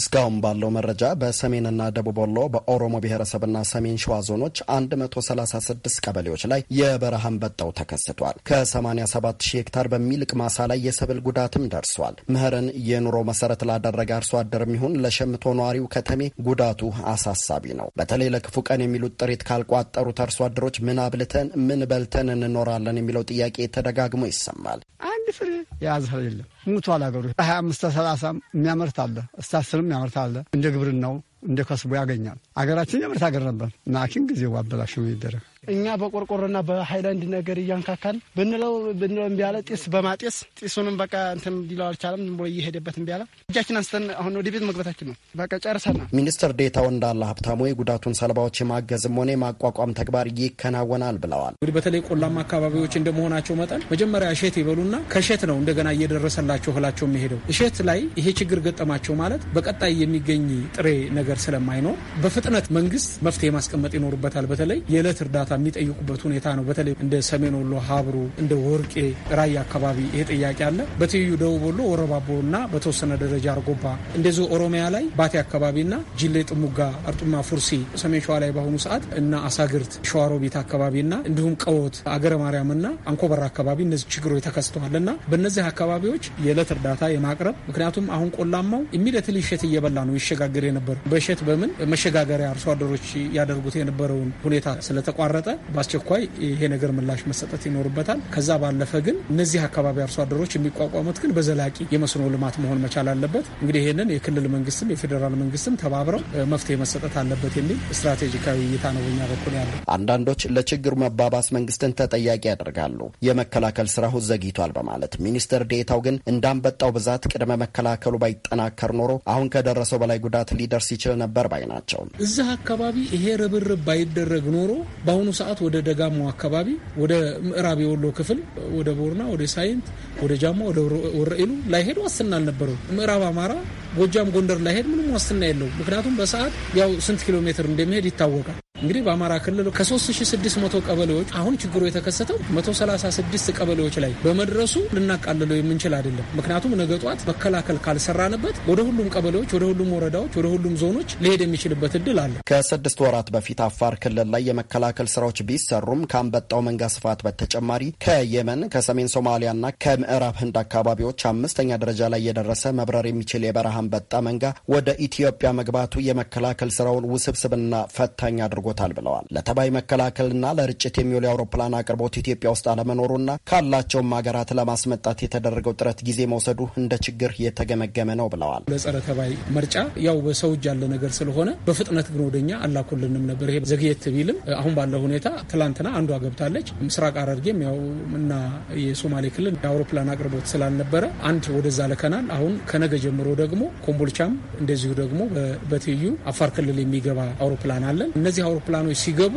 እስካሁን ባለው መረጃ በሰሜንና ደቡብ ወሎ በኦሮሞ ብሔረሰብና ሰሜን ሸዋ ዞኖች 136 ቀበሌዎች ላይ የበረሃ አንበጣው ተከስቷል። ከ87 ሺህ ሄክታር በሚልቅ ማሳ ላይ የሰብል ጉዳትም ደርሷል። ምህርን የኑሮ መሰረት ላደረገ አርሶ አደርም ይሁን ለሸምቶ ነዋሪው ከተሜ ጉዳቱ አሳሳቢ ነው። በተለይ ለክፉ ቀን የሚሉት ጥሪት ካልቋጠሩት አርሶ አደሮች ምን አብልተን ምን በልተን እንኖራለን የሚለው ጥያቄ ተደጋግሞ ይሰማል። አንድ ፍሬ የያዘ የለም። ሙቷል አገሩ 25 30 የሚያመርት አለ እስታስር ነገርም ያመርታል። እንደ ግብርናው እንደ ከስቦ ያገኛል። አገራችን የምርት አገር ነበር። ናኪን ጊዜ ዋበላሽ ነው ይደረግ እኛ በቆርቆሮና በሀይላንድ ነገር እያንካካል ብንለው ብንለው እምቢ አለ። ጢስ በማጤስ ጢሱንም በቃ እንትን ሊለው አልቻለም። ዝም ብሎ እየሄደበት እምቢ አለ። እጃችን አንስተን አሁን ወደ ቤት መግባታችን ነው። በቃ ጨርሰናል። ሚኒስትር ዴታው እንዳለ ሀብታሙ የጉዳቱን ሰለባዎች የማገዝም ሆነ የማቋቋም ተግባር ይከናወናል ብለዋል። እንግዲህ በተለይ ቆላማ አካባቢዎች እንደመሆናቸው መጠን መጀመሪያ እሸት ይበሉና ከእሸት ነው እንደገና እየደረሰላቸው እህላቸው የሚሄደው እሸት ላይ ይሄ ችግር ገጠማቸው ማለት በቀጣይ የሚገኝ ጥሬ ነገር ስለማይኖር በፍጥነት መንግስት መፍትሄ ማስቀመጥ ይኖርበታል። በተለይ የዕለት እርዳታ የሚጠይቁበት ሁኔታ ነው። በተለይ እንደ ሰሜን ወሎ ሀብሩ፣ እንደ ወርቄ፣ ራያ አካባቢ ይሄ ጥያቄ አለ። በትይዩ ደቡብ ወሎ ወረባቦና በተወሰነ ደረጃ አርጎባ፣ እንደዚሁ ኦሮሚያ ላይ ባቴ አካባቢና ጅሌ ጥሙጋ፣ አርጡማ፣ ፉርሲ፣ ሰሜን ሸዋ ላይ በአሁኑ ሰዓት እና አሳግርት፣ ሸዋሮቢት አካባቢና እንዲሁም ቀወት፣ አገረ ማርያምና አንኮበራ አካባቢ እነዚህ ችግሮች ተከስተዋል እና በእነዚህ አካባቢዎች የዕለት እርዳታ የማቅረብ ምክንያቱም አሁን ቆላማው ኢሚዲየትሊ እሸት እየበላ ነው ይሸጋገር የነበረው በእሸት በምን መሸጋገሪያ አርሶ አደሮች ያደርጉት የነበረውን ሁኔታ ስለተቋረጠ ከተቀመጠ በአስቸኳይ ይሄ ነገር ምላሽ መሰጠት ይኖርበታል። ከዛ ባለፈ ግን እነዚህ አካባቢ አርሶ አደሮች የሚቋቋሙት ግን በዘላቂ የመስኖ ልማት መሆን መቻል አለበት። እንግዲህ ይህንን የክልል መንግስትም የፌዴራል መንግስትም ተባብረው መፍትሄ መሰጠት አለበት የሚል ስትራቴጂካዊ እይታ ነው በኛ በኩል ያለው። አንዳንዶች ለችግሩ መባባስ መንግስትን ተጠያቂ ያደርጋሉ። የመከላከል ስራው ዘግይቷል በማለት ሚኒስትር ዴታው ግን እንዳንበጣው ብዛት ቅድመ መከላከሉ ባይጠናከር ኖሮ አሁን ከደረሰው በላይ ጉዳት ሊደርስ ይችል ነበር ባይ ናቸው። እዚህ አካባቢ ይሄ ርብርብ ባይደረግ ኖሮ በአሁኑ ሰዓት ወደ ደጋማው አካባቢ ወደ ምዕራብ የወሎ ክፍል ወደ ቦርና፣ ወደ ሳይንት፣ ወደ ጃማ፣ ወደ ወረኢሉ ላይሄድ ዋስትና አልነበረው። ምዕራብ አማራ፣ ጎጃም፣ ጎንደር ላይሄድ ምንም ዋስትና የለው። ምክንያቱም በሰዓት ያው ስንት ኪሎ ሜትር እንደሚሄድ ይታወቃል። እንግዲህ በአማራ ክልል ከ3600 ቀበሌዎች አሁን ችግሩ የተከሰተው 136 ቀበሌዎች ላይ በመድረሱ ልናቃልለው የምንችል አይደለም። ምክንያቱም ነገ ጧት መከላከል ካልሰራንበት ወደ ሁሉም ቀበሌዎች፣ ወደ ሁሉም ወረዳዎች፣ ወደ ሁሉም ዞኖች ሊሄድ የሚችልበት እድል አለ። ከስድስት ወራት በፊት አፋር ክልል ላይ የመከላከል ስራዎች ቢሰሩም ከአንበጣው መንጋ ስፋት በተጨማሪ ከየመን ከሰሜን ሶማሊያና ከምዕራብ ህንድ አካባቢዎች አምስተኛ ደረጃ ላይ የደረሰ መብረር የሚችል የበረሃ አንበጣ መንጋ ወደ ኢትዮጵያ መግባቱ የመከላከል ስራውን ውስብስብና ፈታኝ አድርጎ አድርጎታል ብለዋል። ለተባይ መከላከልና ለርጭት የሚውል የአውሮፕላን አቅርቦት ኢትዮጵያ ውስጥ አለመኖሩና ካላቸውም ሀገራት ለማስመጣት የተደረገው ጥረት ጊዜ መውሰዱ እንደ ችግር የተገመገመ ነው ብለዋል። ለጸረ ተባይ መርጫ ያው በሰው እጅ ያለ ነገር ስለሆነ በፍጥነት ግን ወደኛ አላኩልንም ነበር። ይሄ ዘግየት ቢልም አሁን ባለው ሁኔታ ትላንትና አንዷ ገብታለች። ምስራቅ ሐረርጌም ያው እና የሶማሌ ክልል የአውሮፕላን አቅርቦት ስላልነበረ አንድ ወደዛ ልከናል። አሁን ከነገ ጀምሮ ደግሞ ኮምቦልቻም እንደዚሁ ደግሞ በትይዩ አፋር ክልል የሚገባ አውሮፕላን አለን። እነዚህ አውሮፕላኖች ሲገቡ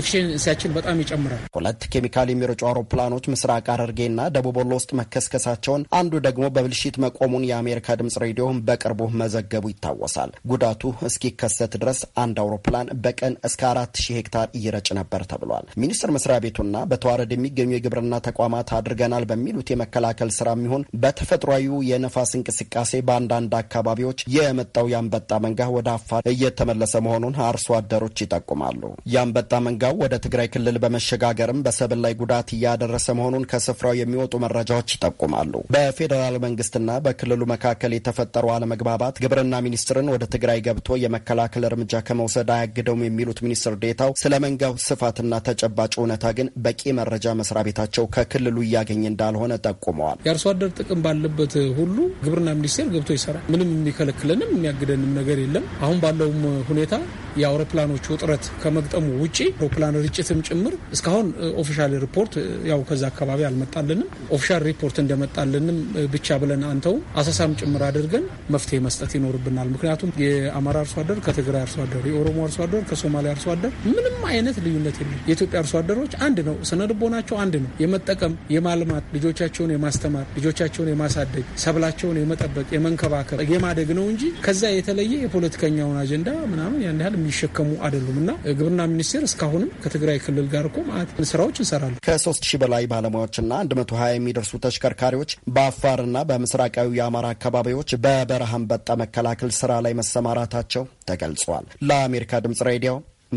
ኤፊሽንሲያችን በጣም ይጨምራል። ሁለት ኬሚካል የሚረጩ አውሮፕላኖች ምስራቅ ሐረርጌና ደቡብ ወሎ ውስጥ መከስከሳቸውን፣ አንዱ ደግሞ በብልሽት መቆሙን የአሜሪካ ድምጽ ሬዲዮ በቅርቡ መዘገቡ ይታወሳል። ጉዳቱ እስኪከሰት ድረስ አንድ አውሮፕላን በቀን እስከ አራት ሺህ ሄክታር ይረጭ ነበር ተብሏል። ሚኒስቴር መስሪያ ቤቱና በተዋረድ የሚገኙ የግብርና ተቋማት አድርገናል በሚሉት የመከላከል ስራ የሚሆን በተፈጥሯዊ የነፋስ እንቅስቃሴ በአንዳንድ አካባቢዎች የመጣው የአንበጣ መንጋ ወደ አፋር እየተመለሰ መሆኑን አርሶ አደሮች ይጠቁማል። ይጠቁማሉ። የአንበጣ መንጋው ወደ ትግራይ ክልል በመሸጋገርም በሰብል ላይ ጉዳት እያደረሰ መሆኑን ከስፍራው የሚወጡ መረጃዎች ይጠቁማሉ። በፌዴራል መንግስትና በክልሉ መካከል የተፈጠሩ አለመግባባት ግብርና ሚኒስትርን ወደ ትግራይ ገብቶ የመከላከል እርምጃ ከመውሰድ አያግደውም የሚሉት ሚኒስትር ዴታው ስለ መንጋው ስፋትና ተጨባጭ እውነታ ግን በቂ መረጃ መስሪያ ቤታቸው ከክልሉ እያገኘ እንዳልሆነ ጠቁመዋል። የአርሶ አደር ጥቅም ባለበት ሁሉ ግብርና ሚኒስቴር ገብቶ ይሰራል። ምንም የሚከለክለንም የሚያግደንም ነገር የለም። አሁን ባለውም ሁኔታ የአውሮፕላኖቹ ውጥረት ከመግጠሙ ውጪ አውሮፕላን ርጭትም ጭምር እስካሁን ኦፊሻል ሪፖርት ያው ከዛ አካባቢ አልመጣልንም። ኦፊሻል ሪፖርት እንደመጣልንም ብቻ ብለን አንተውም አሰሳም ጭምር አድርገን መፍትሄ መስጠት ይኖርብናል። ምክንያቱም የአማራ አርሶ አደር ከትግራይ አርሶ አደር፣ የኦሮሞ አርሶ አደር ከሶማሌ አርሶ አደር ምንም አይነት ልዩነት የለም። የኢትዮጵያ አርሶ አደሮች አንድ ነው። ስነ ልቦናቸው አንድ ነው። የመጠቀም የማልማት ልጆቻቸውን የማስተማር ልጆቻቸውን የማሳደግ ሰብላቸውን የመጠበቅ የመንከባከብ የማደግ ነው እንጂ ከዛ የተለየ የፖለቲከኛውን አጀንዳ ምናምን ያን ያህል የሚሸከሙ አይደሉም እና ግብርና ሚኒስቴር እስካሁንም ከትግራይ ክልል ጋር እኮ ማለት ስራዎች እንሰራለን። ከሶስት ሺህ በላይ ባለሙያዎችና አንድ መቶ ሀያ የሚደርሱ ተሽከርካሪዎች በአፋርና በምስራቃዊ የአማራ አካባቢዎች በበረሃ አንበጣ መከላከል ስራ ላይ መሰማራታቸው ተገልጿል። ለአሜሪካ ድምጽ ሬዲዮ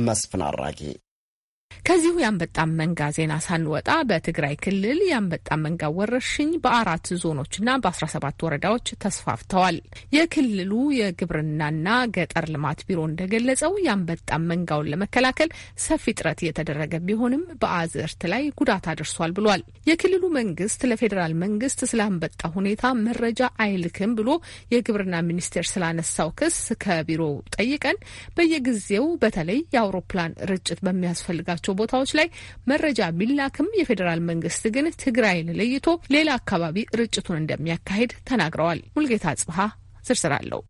መስፍን አራጌ ከዚሁ የአንበጣ መንጋ ዜና ሳንወጣ በትግራይ ክልል የአንበጣ መንጋ ወረርሽኝ በአራት ዞኖችና በአስራ ሰባት ወረዳዎች ተስፋፍተዋል። የክልሉ የግብርናና ገጠር ልማት ቢሮ እንደገለጸው የአንበጣ መንጋውን ለመከላከል ሰፊ ጥረት እየተደረገ ቢሆንም በአዝርት ላይ ጉዳት አድርሷል ብሏል። የክልሉ መንግስት ለፌዴራል መንግስት ስለ አንበጣ ሁኔታ መረጃ አይልክም ብሎ የግብርና ሚኒስቴር ስላነሳው ክስ ከቢሮው ጠይቀን በየጊዜው በተለይ የአውሮፕላን ርጭት በሚያስፈልጋቸው ባሉባቸው ቦታዎች ላይ መረጃ ቢላክም የፌዴራል መንግስት ግን ትግራይን ለይቶ ሌላ አካባቢ ርጭቱን እንደሚያካሂድ ተናግረዋል። ሙልጌታ ጽብሃ ዝርዝር አለው።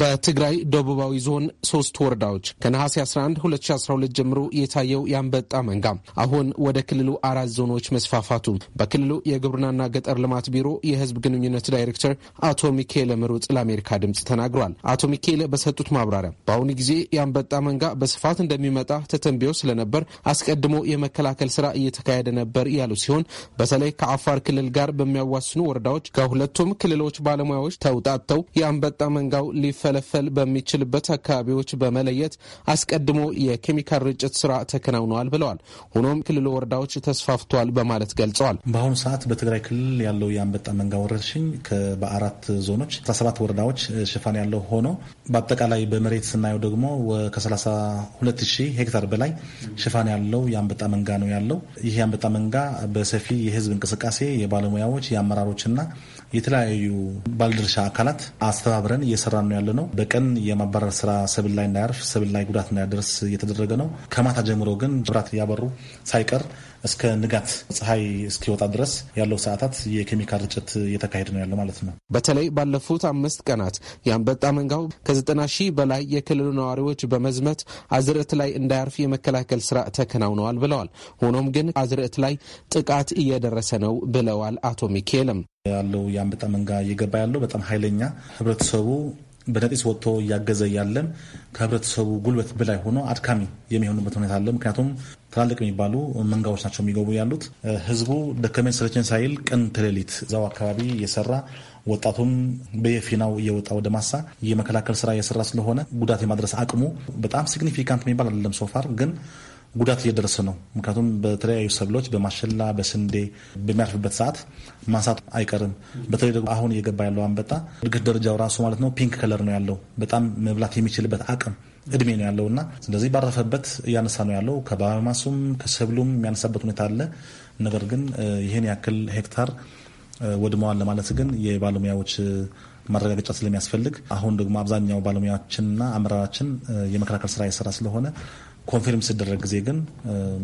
በትግራይ ደቡባዊ ዞን ሶስት ወረዳዎች ከነሐሴ 11 2012 ጀምሮ የታየው የአንበጣ መንጋ አሁን ወደ ክልሉ አራት ዞኖች መስፋፋቱ በክልሉ የግብርናና ገጠር ልማት ቢሮ የህዝብ ግንኙነት ዳይሬክተር አቶ ሚካኤል ምሩጽ ለአሜሪካ ድምፅ ተናግሯል። አቶ ሚካኤል በሰጡት ማብራሪያ በአሁኑ ጊዜ የአንበጣ መንጋ በስፋት እንደሚመጣ ተተንብዮ ስለነበር አስቀድሞ የመከላከል ስራ እየተካሄደ ነበር ያሉ ሲሆን በተለይ ከአፋር ክልል ጋር በሚያዋስኑ ወረዳዎች ከሁለቱም ክልሎች ባለሙያዎች ተውጣጥተው የአንበጣ መንጋው ሊፍ ሊፈለፈል በሚችልበት አካባቢዎች በመለየት አስቀድሞ የኬሚካል ርጭት ስራ ተከናውነዋል ብለዋል። ሆኖም ክልሉ ወረዳዎች ተስፋፍቷል በማለት ገልጸዋል። በአሁኑ ሰዓት በትግራይ ክልል ያለው የአንበጣ መንጋ ወረርሽኝ በአራት ዞኖች 17 ወረዳዎች ሽፋን ያለው ሆኖ በአጠቃላይ በመሬት ስናየው ደግሞ ከ32 ሺህ ሄክታር በላይ ሽፋን ያለው የአንበጣ መንጋ ነው ያለው። ይህ የአንበጣ መንጋ በሰፊ የህዝብ እንቅስቃሴ የባለሙያዎች የአመራሮችና የተለያዩ ባለድርሻ አካላት አስተባብረን እየሰራ ነው ያለ ነው። በቀን የማባረር ስራ ሰብል ላይ እንዳያርፍ፣ ሰብል ላይ ጉዳት እንዳያደርስ እየተደረገ ነው። ከማታ ጀምሮ ግን መብራት እያበሩ ሳይቀር እስከ ንጋት ፀሐይ እስኪወጣ ድረስ ያለው ሰዓታት የኬሚካል ርጭት እየተካሄድ ነው ያለው ማለት ነው። በተለይ ባለፉት አምስት ቀናት የአንበጣ መንጋው ከዘጠና ሺህ በላይ የክልሉ ነዋሪዎች በመዝመት አዝርዕት ላይ እንዳያርፍ የመከላከል ስራ ተከናውነዋል ብለዋል። ሆኖም ግን አዝርዕት ላይ ጥቃት እየደረሰ ነው ብለዋል አቶ ሚካኤልም። ያለው የአንበጣ መንጋ እየገባ ያለው በጣም ኃይለኛ ህብረተሰቡ በነጢስ ወጥቶ እያገዘ ያለም ከህብረተሰቡ ጉልበት በላይ ሆኖ አድካሚ የሚሆንበት ሁኔታ አለ። ምክንያቱም ትላልቅ የሚባሉ መንጋዎች ናቸው የሚገቡ ያሉት። ህዝቡ ደከመኝ ሰለቸኝ ሳይል ቀን ተሌሊት እዛው አካባቢ የሰራ ወጣቱም በየፊናው እየወጣ ወደ ማሳ የመከላከል ስራ እየሰራ ስለሆነ ጉዳት የማድረስ አቅሙ በጣም ሲግኒፊካንት የሚባል አይደለም። ሶፋር ግን ጉዳት እየደረሰ ነው። ምክንያቱም በተለያዩ ሰብሎች በማሸላ በስንዴ በሚያርፍበት ሰዓት ማንሳት አይቀርም። በተለይ ደግሞ አሁን እየገባ ያለው አንበጣ እድገት ደረጃው ራሱ ማለት ነው ፒንክ ከለር ነው ያለው። በጣም መብላት የሚችልበት አቅም እድሜ ነው ያለውና ስለዚህ ባረፈበት እያነሳ ነው ያለው። ከባማሱም ከሰብሉም የሚያነሳበት ሁኔታ አለ። ነገር ግን ይህን ያክል ሄክታር ወድመዋል ለማለት ግን የባለሙያዎች ማረጋገጫ ስለሚያስፈልግ አሁን ደግሞ አብዛኛው ባለሙያዎችንና አመራራችን የመከላከል ስራ የሰራ ስለሆነ ኮንፊርም ስደረግ ጊዜ ግን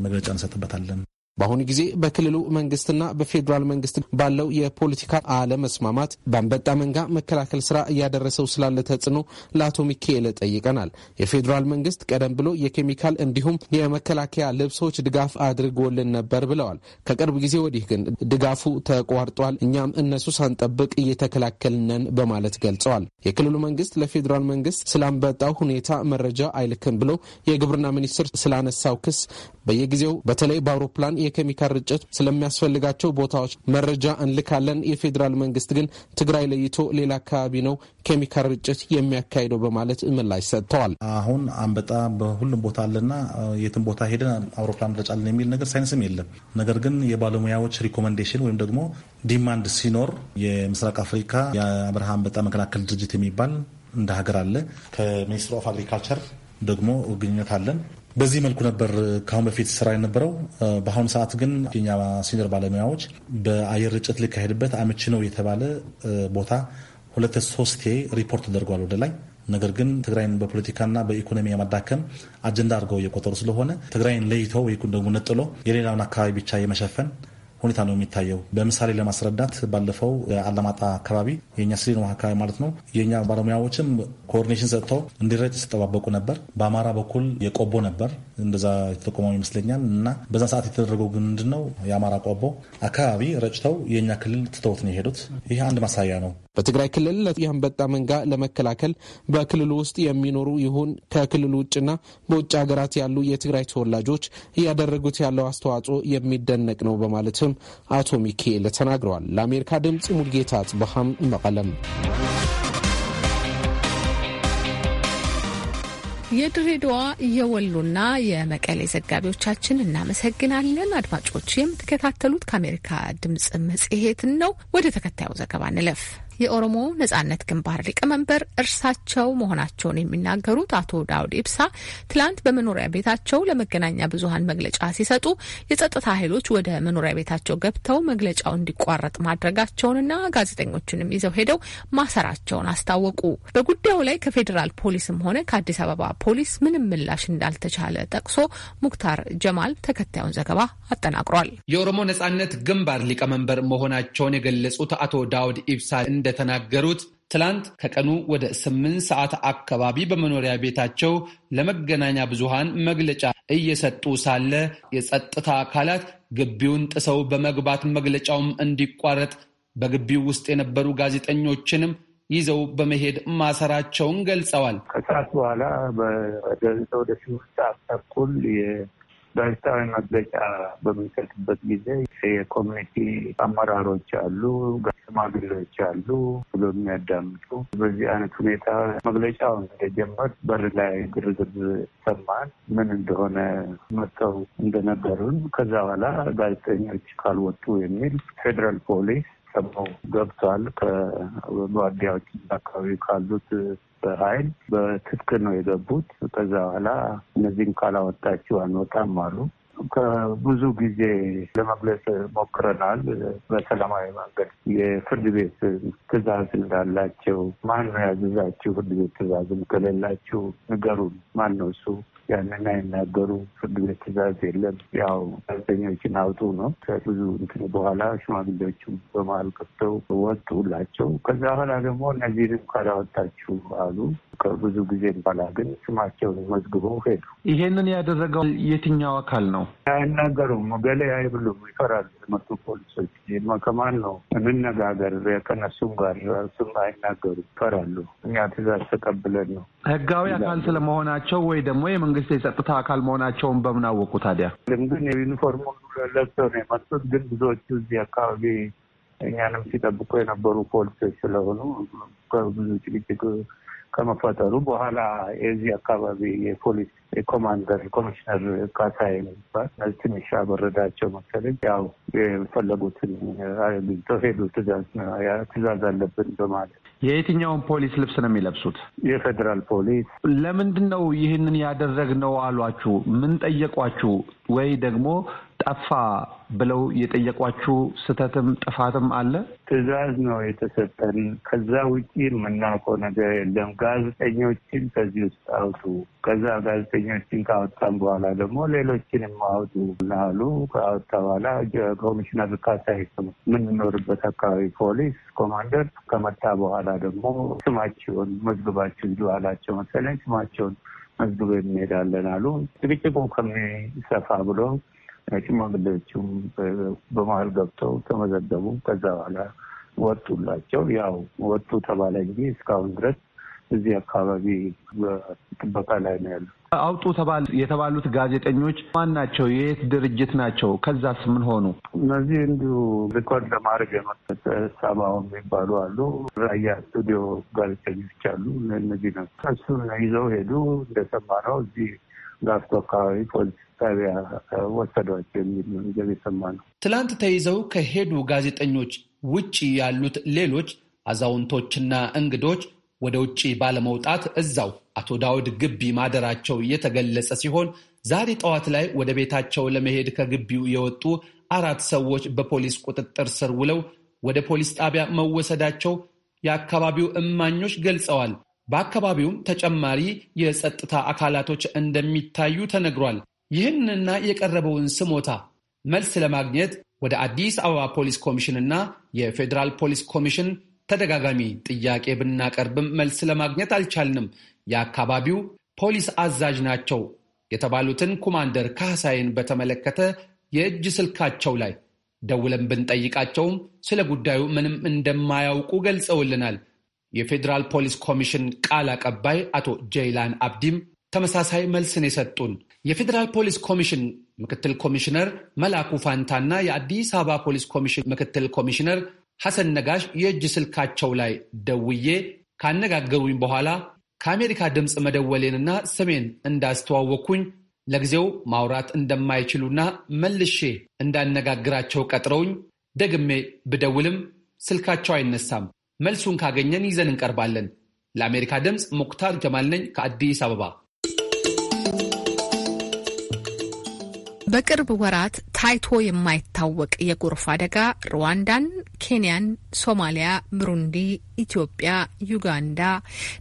መግለጫ እንሰጥበታለን። በአሁኑ ጊዜ በክልሉ መንግስትና በፌዴራል መንግስት ባለው የፖለቲካ አለመስማማት በአንበጣ መንጋ መከላከል ስራ እያደረሰው ስላለ ተጽዕኖ ለአቶ ሚካኤል ጠይቀናል። የፌዴራል መንግስት ቀደም ብሎ የኬሚካል እንዲሁም የመከላከያ ልብሶች ድጋፍ አድርጎልን ነበር ብለዋል። ከቅርብ ጊዜ ወዲህ ግን ድጋፉ ተቋርጧል፣ እኛም እነሱ ሳንጠብቅ እየተከላከልነን በማለት ገልጸዋል። የክልሉ መንግስት ለፌዴራል መንግስት ስላንበጣው ሁኔታ መረጃ አይልክም ብሎ የግብርና ሚኒስቴር ስላነሳው ክስ በየጊዜው በተለይ በአውሮፕላን የኬሚካል ርጭት ስለሚያስፈልጋቸው ቦታዎች መረጃ እንልካለን። የፌዴራል መንግስት ግን ትግራይ ለይቶ ሌላ አካባቢ ነው ኬሚካል ርጭት የሚያካሂደው በማለት ምላሽ ሰጥተዋል። አሁን አንበጣ በሁሉም ቦታ አለና የትም ቦታ ሄደን አውሮፕላን እንረጫለን የሚል ነገር ሳይንስም የለም። ነገር ግን የባለሙያዎች ሪኮመንዴሽን ወይም ደግሞ ዲማንድ ሲኖር የምስራቅ አፍሪካ የአብርሃ አንበጣ መከላከል ድርጅት የሚባል እንደ ሀገር አለ። ከሚኒስትር ኦፍ አግሪካልቸር ደግሞ ግንኙነት አለን። በዚህ መልኩ ነበር ከአሁን በፊት ስራ የነበረው። በአሁኑ ሰዓት ግን የኛ ሲኒየር ባለሙያዎች በአየር ርጭት ሊካሄድበት አመቺ ነው የተባለ ቦታ ሁለት ሶስቴ ሪፖርት ተደርጓል ወደ ላይ። ነገር ግን ትግራይን በፖለቲካና በኢኮኖሚ የማዳከም አጀንዳ አድርገው እየቆጠሩ ስለሆነ ትግራይን ለይተው ወይ ደግሞ ነጥሎ የሌላውን አካባቢ ብቻ የመሸፈን ሁኔታ ነው የሚታየው። በምሳሌ ለማስረዳት ባለፈው አላማጣ አካባቢ የኛ ስሪ ነው አካባቢ ማለት ነው የኛ ባለሙያዎችም ኮኦርዲኔሽን ሰጥተው እንዲረጭ ሲጠባበቁ ነበር። በአማራ በኩል የቆቦ ነበር እንደዛ የተጠቆመው ይመስለኛል። እና በዛ ሰዓት የተደረገው ግን ምንድን ነው የአማራ ቆቦ አካባቢ ረጭተው የእኛ ክልል ትተውት ነው የሄዱት። ይህ አንድ ማሳያ ነው። በትግራይ ክልል የአንበጣ መንጋ ለመከላከል በክልሉ ውስጥ የሚኖሩ ይሁን ከክልሉ ውጭና በውጭ ሀገራት ያሉ የትግራይ ተወላጆች እያደረጉት ያለው አስተዋጽኦ የሚደነቅ ነው በማለትም አቶ ሚካኤል ተናግረዋል። ለአሜሪካ ድምፅ ሙልጌታ ጽበሃም መቀለም የድሬዳዋ የወሎና የመቀሌ ዘጋቢዎቻችን እናመሰግናለን። አድማጮች የምትከታተሉት ከአሜሪካ ድምጽ መጽሔትን ነው። ወደ ተከታዩ ዘገባ እንለፍ። የኦሮሞ ነጻነት ግንባር ሊቀመንበር እርሳቸው መሆናቸውን የሚናገሩት አቶ ዳውድ ኢብሳ ትላንት በመኖሪያ ቤታቸው ለመገናኛ ብዙኃን መግለጫ ሲሰጡ የጸጥታ ኃይሎች ወደ መኖሪያ ቤታቸው ገብተው መግለጫው እንዲቋረጥ ማድረጋቸውንና ጋዜጠኞችንም ይዘው ሄደው ማሰራቸውን አስታወቁ። በጉዳዩ ላይ ከፌዴራል ፖሊስም ሆነ ከአዲስ አበባ ፖሊስ ምንም ምላሽ እንዳልተቻለ ጠቅሶ ሙክታር ጀማል ተከታዩን ዘገባ አጠናቅሯል። የኦሮሞ ነጻነት ግንባር ሊቀመንበር መሆናቸውን የገለጹት አቶ ዳውድ ኢብሳ እንደተናገሩት ትላንት ከቀኑ ወደ ስምንት ሰዓት አካባቢ በመኖሪያ ቤታቸው ለመገናኛ ብዙሃን መግለጫ እየሰጡ ሳለ የጸጥታ አካላት ግቢውን ጥሰው በመግባት መግለጫውም እንዲቋረጥ በግቢው ውስጥ የነበሩ ጋዜጠኞችንም ይዘው በመሄድ ማሰራቸውን ገልጸዋል። ከሰዓት በኋላ ወደ ወደ ሰዓት ተኩል ጋዜጣዊ መግለጫ በሚሰጥበት ጊዜ የኮሚኒቲ አመራሮች አሉ፣ ሽማግሌዎች አሉ ብሎ የሚያዳምጡ በዚህ አይነት ሁኔታ መግለጫውን እንደጀመር በር ላይ ግርግር ሰማን። ምን እንደሆነ መጥተው እንደነበሩን ከዛ በኋላ ጋዜጠኞች ካልወጡ የሚል ፌዴራል ፖሊስ ሰብረው ገብቷል። ከዋጊያዎች አካባቢ ካሉት በኃይል በትጥቅ ነው የገቡት። ከዛ በኋላ እነዚህም ካላወጣችው አንወጣም አሉ። ከብዙ ጊዜ ለመግለጽ ሞክረናል። በሰላማዊ መንገድ የፍርድ ቤት ትእዛዝ እንዳላቸው ማን ነው ያዘዛችሁ? ፍርድ ቤት ትእዛዝም ከሌላችሁ ንገሩን፣ ማን ነው እሱ ያንን አይናገሩ ፍርድ ቤት ትእዛዝ የለም። ያው ጋዜጠኞችን አውጡ ነው። ከብዙ እንትን በኋላ ሽማግሌዎቹም በመሀል ገብተው ወጡላቸው። ከዛ በኋላ ደግሞ እነዚህንም ካላወጣችሁ አሉ። ከብዙ ጊዜ በኋላ ግን ስማቸውን መዝግበው ሄዱ። ይሄንን ያደረገው የትኛው አካል ነው? አይናገሩም። ገሌ አይብሉም፣ ይፈራሉ። የመጡ ፖሊሶች ከማን ነው እንነጋገር፣ ከነሱም ጋር እሱም አይናገሩም፣ ይፈራሉ። እኛ ትእዛዝ ተቀብለን ነው ህጋዊ አካል ስለመሆናቸው ወይ ደግሞ መንግስት የጸጥታ አካል መሆናቸውን በምን አወቁ ታዲያ? ግን የዩኒፎርም ለብሰው ነው የመጡት። ግን ብዙዎቹ እዚህ አካባቢ እኛንም ሲጠብቁ የነበሩ ፖሊሶች ስለሆኑ ብዙ ጭቅጭቅ ከመፈጠሩ በኋላ የዚህ አካባቢ የፖሊስ የኮማንደር ኮሚሽነር ካሳ የሚባል ትንሽ አበረዳቸው መሰለኝ። ያው የፈለጉትን አግኝተው ሄዱ። ትእዛዝ አለብን በማለት የየትኛውን ፖሊስ ልብስ ነው የሚለብሱት? የፌዴራል ፖሊስ። ለምንድን ነው ይህንን ያደረግነው አሏችሁ? ምን ጠየቋችሁ? ወይ ደግሞ ጠፋ ብለው የጠየቋችሁ ስህተትም ጥፋትም አለ? ትዕዛዝ ነው የተሰጠን። ከዛ ውጭ የምናውቀው ነገር የለም። ጋዜጠኞችን ከዚህ ውስጥ አውጡ። ከዛ ጋዜጠኞችን ካወጣን በኋላ ደግሞ ሌሎችንም አውጡ ናሉ። ከአወጣ በኋላ ኮሚሽነር ካሳይ የምንኖርበት አካባቢ ፖሊስ ኮማንደር ከመጣ በኋላ ደግሞ ስማቸውን መዝግባችሁ ሂዱ አላቸው መሰለኝ። ስማቸውን መዝግበን እንሄዳለን አሉ። ጭቅጭቁ ከሚሰፋ ብሎ ሽማግሌዎቹም በመሀል ገብተው ተመዘገቡ። ከዛ በኋላ ወጡላቸው። ያው ወጡ ተባለ እንጂ እስካሁን ድረስ እዚህ አካባቢ ጥበቃ ላይ ነው ያሉ። አውጡ የተባሉት ጋዜጠኞች ማን ናቸው? የየት ድርጅት ናቸው? ከዛስ ምን ሆኑ? እነዚህ እንዲሁ ሪኮርድ ለማድረግ የመጠጠ ሰባው የሚባሉ አሉ። ራያ ስቱዲዮ ጋዜጠኞች አሉ። እነዚህ ነው። እሱን ይዘው ሄዱ። ነው እዚህ ጋፍቶ አካባቢ ፖሊስ ጣቢያ ወሰዷቸው የሚል ነው የሰማ ነው። ትላንት ተይዘው ከሄዱ ጋዜጠኞች ውጭ ያሉት ሌሎች አዛውንቶችና እንግዶች ወደ ውጭ ባለመውጣት እዛው አቶ ዳውድ ግቢ ማደራቸው የተገለጸ ሲሆን ዛሬ ጠዋት ላይ ወደ ቤታቸው ለመሄድ ከግቢው የወጡ አራት ሰዎች በፖሊስ ቁጥጥር ስር ውለው ወደ ፖሊስ ጣቢያ መወሰዳቸው የአካባቢው እማኞች ገልጸዋል። በአካባቢውም ተጨማሪ የጸጥታ አካላቶች እንደሚታዩ ተነግሯል። ይህንና የቀረበውን ስሞታ መልስ ለማግኘት ወደ አዲስ አበባ ፖሊስ እና የፌዴራል ፖሊስ ኮሚሽን ተደጋጋሚ ጥያቄ ብናቀርብም መልስ ለማግኘት አልቻልንም። የአካባቢው ፖሊስ አዛዥ ናቸው የተባሉትን ኮማንደር ካህሳይን በተመለከተ የእጅ ስልካቸው ላይ ደውለን ብንጠይቃቸውም ስለ ጉዳዩ ምንም እንደማያውቁ ገልጸውልናል። የፌዴራል ፖሊስ ኮሚሽን ቃል አቀባይ አቶ ጀይላን አብዲም ተመሳሳይ መልስን የሰጡን የፌዴራል ፖሊስ ኮሚሽን ምክትል ኮሚሽነር መላኩ ፋንታና የአዲስ አበባ ፖሊስ ኮሚሽን ምክትል ኮሚሽነር ሐሰን ነጋሽ የእጅ ስልካቸው ላይ ደውዬ ካነጋገሩኝ በኋላ ከአሜሪካ ድምፅ መደወሌንና ስሜን እንዳስተዋወቅኩኝ ለጊዜው ማውራት እንደማይችሉና መልሼ እንዳነጋግራቸው ቀጥረውኝ ደግሜ ብደውልም ስልካቸው አይነሳም። መልሱን ካገኘን ይዘን እንቀርባለን። ለአሜሪካ ድምፅ ሙክታር ጀማል ነኝ ከአዲስ አበባ። በቅርብ ወራት ታይቶ የማይታወቅ የጎርፍ አደጋ ሩዋንዳን፣ ኬንያን፣ ሶማሊያ፣ ብሩንዲ፣ ኢትዮጵያ፣ ዩጋንዳ፣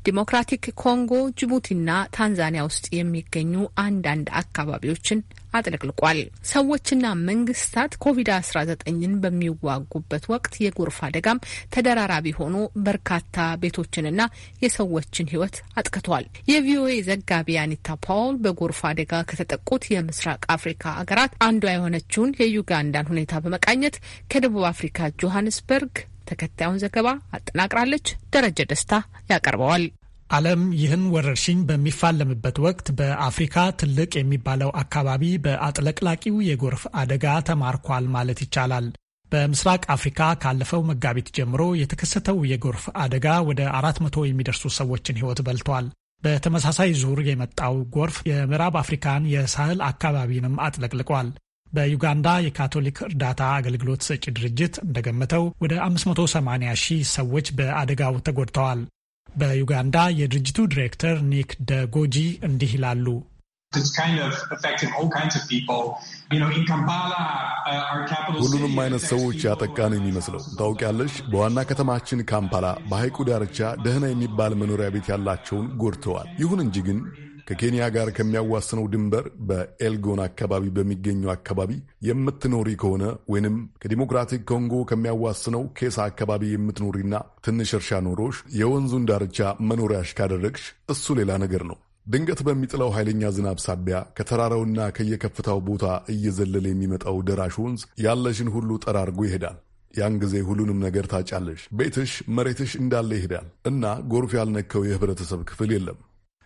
ዲሞክራቲክ ኮንጎ፣ ጅቡቲና ታንዛኒያ ውስጥ የሚገኙ አንዳንድ አካባቢዎችን አጥለቅልቋል። ሰዎችና መንግስታት ኮቪድ-19ን በሚዋጉበት ወቅት የጎርፍ አደጋም ተደራራቢ ሆኖ በርካታ ቤቶችንና የሰዎችን ሕይወት አጥቅቷል። የቪኦኤ ዘጋቢ አኒታ ፓውል በጎርፍ አደጋ ከተጠቁት የምስራቅ አፍሪካ ሀገራት አንዷ የሆነችውን የዩጋንዳን ሁኔታ በመቃኘት ከደቡብ አፍሪካ ጆሀንስበርግ ተከታዩን ዘገባ አጠናቅራለች። ደረጀ ደስታ ያቀርበዋል። ዓለም ይህን ወረርሽኝ በሚፋለምበት ወቅት በአፍሪካ ትልቅ የሚባለው አካባቢ በአጥለቅላቂው የጎርፍ አደጋ ተማርኳል ማለት ይቻላል። በምስራቅ አፍሪካ ካለፈው መጋቢት ጀምሮ የተከሰተው የጎርፍ አደጋ ወደ 400 የሚደርሱ ሰዎችን ሕይወት በልቷል። በተመሳሳይ ዙር የመጣው ጎርፍ የምዕራብ አፍሪካን የሳህል አካባቢንም አጥለቅልቋል። በዩጋንዳ የካቶሊክ እርዳታ አገልግሎት ሰጪ ድርጅት እንደገመተው ወደ 580 ሺህ ሰዎች በአደጋው ተጎድተዋል። በዩጋንዳ የድርጅቱ ዲሬክተር ኒክ ደጎጂ እንዲህ ይላሉ። uh, ሁሉንም አይነት ሰዎች ያጠቃ ነው የሚመስለው። ታውቂያለሽ፣ በዋና ከተማችን ካምፓላ በሐይቁ ዳርቻ ደህና የሚባል መኖሪያ ቤት ያላቸውን ጎድተዋል። ይሁን እንጂ ግን ከኬንያ ጋር ከሚያዋስነው ድንበር በኤልጎን አካባቢ በሚገኘው አካባቢ የምትኖሪ ከሆነ ወይንም ከዲሞክራቲክ ኮንጎ ከሚያዋስነው ኬሳ አካባቢ የምትኖሪና ትንሽ እርሻ ኖሮሽ የወንዙን ዳርቻ መኖሪያሽ ካደረግሽ እሱ ሌላ ነገር ነው። ድንገት በሚጥለው ኃይለኛ ዝናብ ሳቢያ ከተራራውና ከየከፍታው ቦታ እየዘለለ የሚመጣው ደራሽ ወንዝ ያለሽን ሁሉ ጠራርጎ ይሄዳል። ያን ጊዜ ሁሉንም ነገር ታጫለሽ። ቤትሽ፣ መሬትሽ እንዳለ ይሄዳል እና ጎርፍ ያልነከው የህብረተሰብ ክፍል የለም።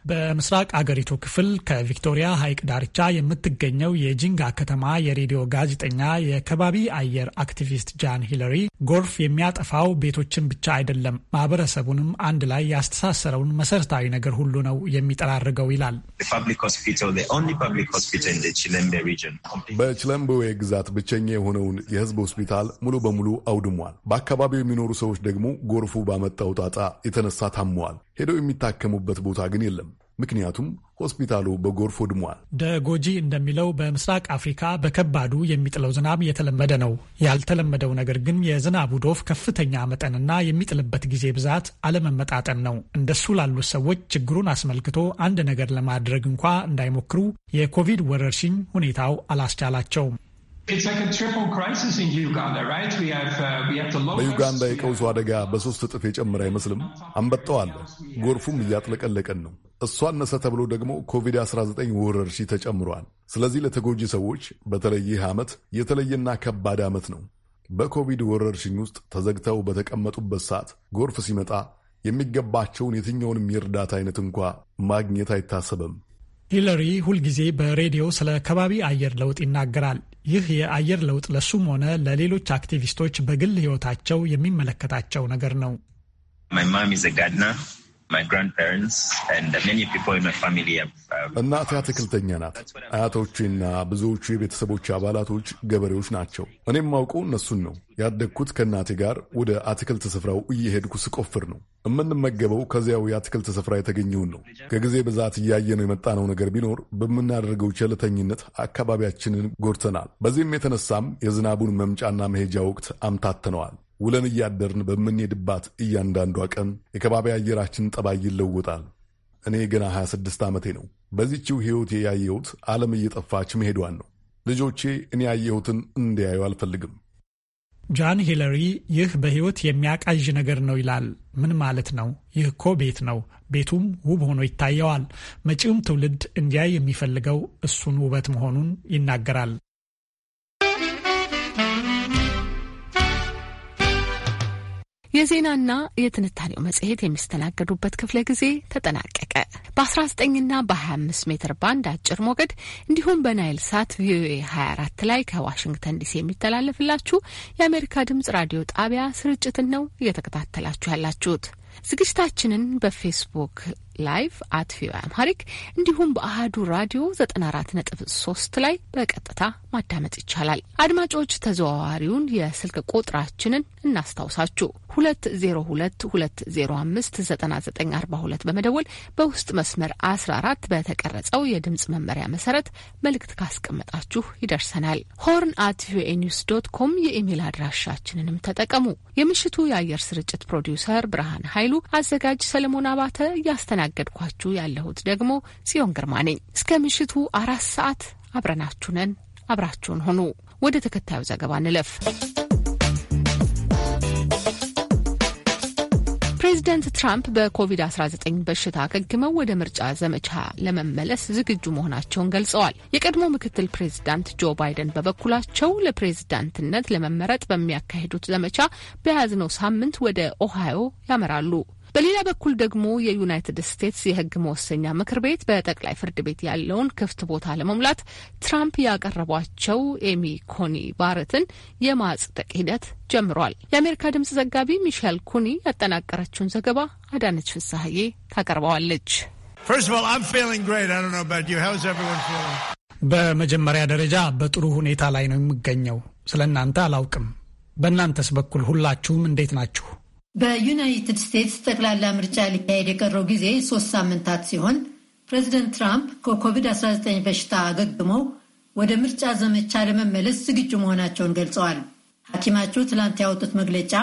በምስራቅ አገሪቱ ክፍል ከቪክቶሪያ ሐይቅ ዳርቻ የምትገኘው የጂንጋ ከተማ የሬዲዮ ጋዜጠኛ የከባቢ አየር አክቲቪስት ጃን ሂለሪ ጎርፍ የሚያጠፋው ቤቶችን ብቻ አይደለም፣ ማህበረሰቡንም አንድ ላይ ያስተሳሰረውን መሰረታዊ ነገር ሁሉ ነው የሚጠራርገው ይላል። በችለምበዌ ግዛት ብቸኛ የሆነውን የህዝብ ሆስፒታል ሙሉ በሙሉ አውድሟል። በአካባቢው የሚኖሩ ሰዎች ደግሞ ጎርፉ ባመጣው ጣጣ የተነሳ ታመዋል። ሄደው የሚታከሙበት ቦታ ግን የለም። ምክንያቱም ሆስፒታሉ በጎርፍ ወድሟል። ደጎጂ እንደሚለው በምስራቅ አፍሪካ በከባዱ የሚጥለው ዝናብ የተለመደ ነው። ያልተለመደው ነገር ግን የዝናቡ ዶፍ ከፍተኛ መጠንና የሚጥልበት ጊዜ ብዛት አለመመጣጠን ነው። እንደሱ ላሉት ሰዎች ችግሩን አስመልክቶ አንድ ነገር ለማድረግ እንኳ እንዳይሞክሩ የኮቪድ ወረርሽኝ ሁኔታው አላስቻላቸውም። Uh, በዩጋንዳ የቀውሱ አደጋ በሦስት እጥፍ የጨመረ አይመስልም? አንበጣው አለ፣ ጎርፉም እያጥለቀለቀን ነው። እሷ አነሰ ተብሎ ደግሞ ኮቪድ-19 ወረርሽኝ ተጨምሯል። ስለዚህ ለተጎጂ ሰዎች በተለይ ይህ ዓመት የተለየና ከባድ ዓመት ነው። በኮቪድ ወረርሽኝ ውስጥ ተዘግተው በተቀመጡበት ሰዓት ጎርፍ ሲመጣ የሚገባቸውን የትኛውንም የእርዳታ አይነት እንኳ ማግኘት አይታሰብም። ሂለሪ ሁልጊዜ በሬዲዮ ስለ ከባቢ አየር ለውጥ ይናገራል። ይህ የአየር ለውጥ ለሱም ሆነ ለሌሎች አክቲቪስቶች በግል ሕይወታቸው የሚመለከታቸው ነገር ነው። Um, እናቴ አትክልተኛ ናት። አያቶቼና ብዙዎቹ የቤተሰቦች አባላቶች ገበሬዎች ናቸው። እኔም ማውቀው እነሱን ነው። ያደግኩት ከእናቴ ጋር ወደ አትክልት ስፍራው እየሄድኩ ስቆፍር ነው። የምንመገበው ከዚያው የአትክልት ስፍራ የተገኘውን ነው። ከጊዜ ብዛት እያየነው የመጣነው ነገር ቢኖር በምናደርገው ቸልተኝነት አካባቢያችንን ጎድተናል። በዚህም የተነሳም የዝናቡን መምጫና መሄጃ ወቅት አምታትነዋል። ውለን እያደርን በምንሄድባት እያንዳንዷ ቀን የከባቢ አየራችን ጠባይ ይለወጣል። እኔ ገና 26 ዓመቴ ነው። በዚችው ሕይወቴ ያየሁት ዓለም እየጠፋች መሄዷን ነው። ልጆቼ እኔ ያየሁትን እንዲያዩ አልፈልግም። ጃን ሂለሪ ይህ በሕይወት የሚያቃዥ ነገር ነው ይላል። ምን ማለት ነው? ይህ እኮ ቤት ነው። ቤቱም ውብ ሆኖ ይታየዋል። መጪውም ትውልድ እንዲያይ የሚፈልገው እሱን ውበት መሆኑን ይናገራል። የዜናና የትንታኔው መጽሔት የሚስተናገዱበት ክፍለ ጊዜ ተጠናቀቀ። በ19ና በ25 ሜትር ባንድ አጭር ሞገድ እንዲሁም በናይል ሳት ቪኦኤ 24 ላይ ከዋሽንግተን ዲሲ የሚተላለፍላችሁ የአሜሪካ ድምጽ ራዲዮ ጣቢያ ስርጭትን ነው እየተከታተላችሁ ያላችሁት። ዝግጅታችንን በፌስቡክ ላይቭ አት ቪኦኤ አምሃሪክ እንዲሁም በአህዱ ራዲዮ 94.3 ላይ በቀጥታ ማዳመጥ ይቻላል። አድማጮች ተዘዋዋሪውን የስልክ ቁጥራችንን እናስታውሳችሁ 2022059942 በመደወል በውስጥ መስመር 14 በተቀረጸው የድምፅ መመሪያ መሰረት መልእክት ካስቀመጣችሁ ይደርሰናል። ሆርን አት ቪኦኤ ኒውስ ዶት ኮም የኢሜል አድራሻችንንም ተጠቀሙ። የምሽቱ የአየር ስርጭት ፕሮዲውሰር ብርሃን ኃይል ኃይሉ አዘጋጅ ሰለሞን አባተ፣ እያስተናገድኳችሁ ያለሁት ደግሞ ጽዮን ግርማ ነኝ። እስከ ምሽቱ አራት ሰዓት አብረናችሁ ነን። አብራችሁን ሆኑ። ወደ ተከታዩ ዘገባ እንለፍ። ፕሬዚደንት ትራምፕ በኮቪድ-19 በሽታ ከግመው ወደ ምርጫ ዘመቻ ለመመለስ ዝግጁ መሆናቸውን ገልጸዋል። የቀድሞ ምክትል ፕሬዚዳንት ጆ ባይደን በበኩላቸው ለፕሬዚዳንትነት ለመመረጥ በሚያካሂዱት ዘመቻ በያዝነው ሳምንት ወደ ኦሃዮ ያመራሉ። በሌላ በኩል ደግሞ የዩናይትድ ስቴትስ የህግ መወሰኛ ምክር ቤት በጠቅላይ ፍርድ ቤት ያለውን ክፍት ቦታ ለመሙላት ትራምፕ ያቀረቧቸው ኤሚ ኮኒ ባረትን የማጽደቅ ሂደት ጀምሯል። የአሜሪካ ድምጽ ዘጋቢ ሚሻል ኩኒ ያጠናቀረችውን ዘገባ አዳነች ፍሳሀዬ ታቀርበዋለች። በመጀመሪያ ደረጃ በጥሩ ሁኔታ ላይ ነው የምገኘው። ስለ እናንተ አላውቅም። በእናንተስ በኩል ሁላችሁም እንዴት ናችሁ? በዩናይትድ ስቴትስ ጠቅላላ ምርጫ ሊካሄድ የቀረው ጊዜ ሶስት ሳምንታት ሲሆን ፕሬዚደንት ትራምፕ ከኮቪድ-19 በሽታ አገግመው ወደ ምርጫ ዘመቻ ለመመለስ ዝግጁ መሆናቸውን ገልጸዋል። ሐኪማቸው ትላንት ያወጡት መግለጫ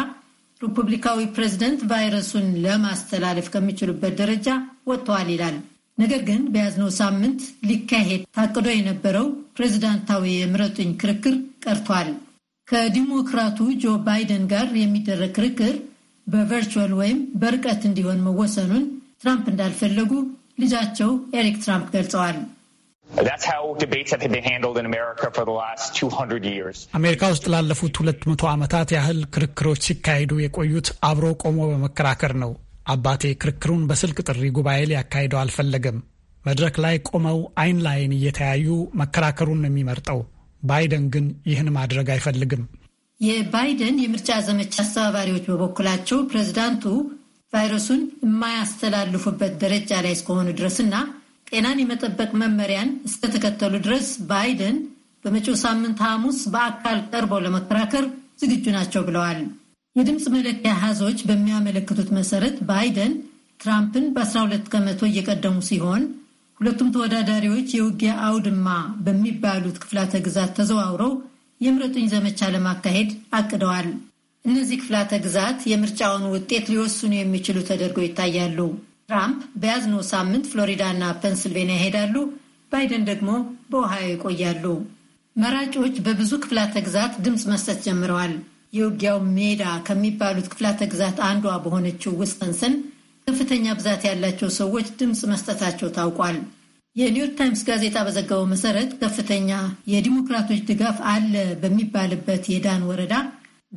ሪፑብሊካዊ ፕሬዚደንት ቫይረሱን ለማስተላለፍ ከሚችሉበት ደረጃ ወጥተዋል ይላል። ነገር ግን በያዝነው ሳምንት ሊካሄድ ታቅዶ የነበረው ፕሬዚዳንታዊ የምረጡኝ ክርክር ቀርቷል። ከዲሞክራቱ ጆ ባይደን ጋር የሚደረግ ክርክር በቨርቹዋል ወይም በርቀት እንዲሆን መወሰኑን ትራምፕ እንዳልፈለጉ ልጃቸው ኤሪክ ትራምፕ ገልጸዋል። አሜሪካ ውስጥ ላለፉት ሁለት መቶ ዓመታት ያህል ክርክሮች ሲካሄዱ የቆዩት አብሮ ቆሞ በመከራከር ነው። አባቴ ክርክሩን በስልክ ጥሪ ጉባኤ ሊያካሂደው አልፈለገም። መድረክ ላይ ቆመው አይን ለአይን እየተያዩ መከራከሩን ነው የሚመርጠው። ባይደን ግን ይህን ማድረግ አይፈልግም። የባይደን የምርጫ ዘመቻ አስተባባሪዎች በበኩላቸው ፕሬዚዳንቱ ቫይረሱን የማያስተላልፉበት ደረጃ ላይ እስከሆኑ ድረስና ጤናን የመጠበቅ መመሪያን እስከተከተሉ ድረስ ባይደን በመጪው ሳምንት ሐሙስ በአካል ቀርበው ለመከራከር ዝግጁ ናቸው ብለዋል። የድምፅ መለኪያ ሀዞች በሚያመለክቱት መሰረት ባይደን ትራምፕን በ12 ከመቶ እየቀደሙ ሲሆን ሁለቱም ተወዳዳሪዎች የውጊያ አውድማ በሚባሉት ክፍላተ ግዛት ተዘዋውረው የምረጡኝ ዘመቻ ለማካሄድ አቅደዋል። እነዚህ ክፍላተ ግዛት የምርጫውን ውጤት ሊወስኑ የሚችሉ ተደርጎ ይታያሉ። ትራምፕ በያዝነው ሳምንት ፍሎሪዳና ፔንስልቬንያ ይሄዳሉ። ባይደን ደግሞ በኦሃዮ ይቆያሉ። መራጮች በብዙ ክፍላተ ግዛት ድምፅ መስጠት ጀምረዋል። የውጊያው ሜዳ ከሚባሉት ክፍላተ ግዛት አንዷ በሆነችው ዊስኮንሰን ከፍተኛ ብዛት ያላቸው ሰዎች ድምፅ መስጠታቸው ታውቋል። የኒውዮርክ ታይምስ ጋዜጣ በዘገበው መሰረት ከፍተኛ የዲሞክራቶች ድጋፍ አለ በሚባልበት የዳን ወረዳ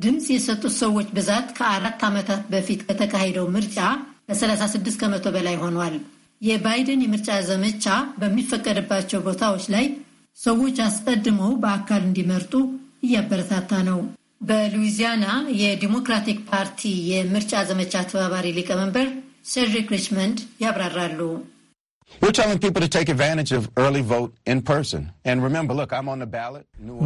ድምፅ የሰጡት ሰዎች ብዛት ከአራት ዓመታት በፊት ከተካሄደው ምርጫ ከ36 ከመቶ በላይ ሆኗል። የባይደን የምርጫ ዘመቻ በሚፈቀድባቸው ቦታዎች ላይ ሰዎች አስቀድመው በአካል እንዲመርጡ እያበረታታ ነው። በሉዊዚያና የዲሞክራቲክ ፓርቲ የምርጫ ዘመቻ ተባባሪ ሊቀመንበር ሴድሪክ ሪችመንድ ያብራራሉ።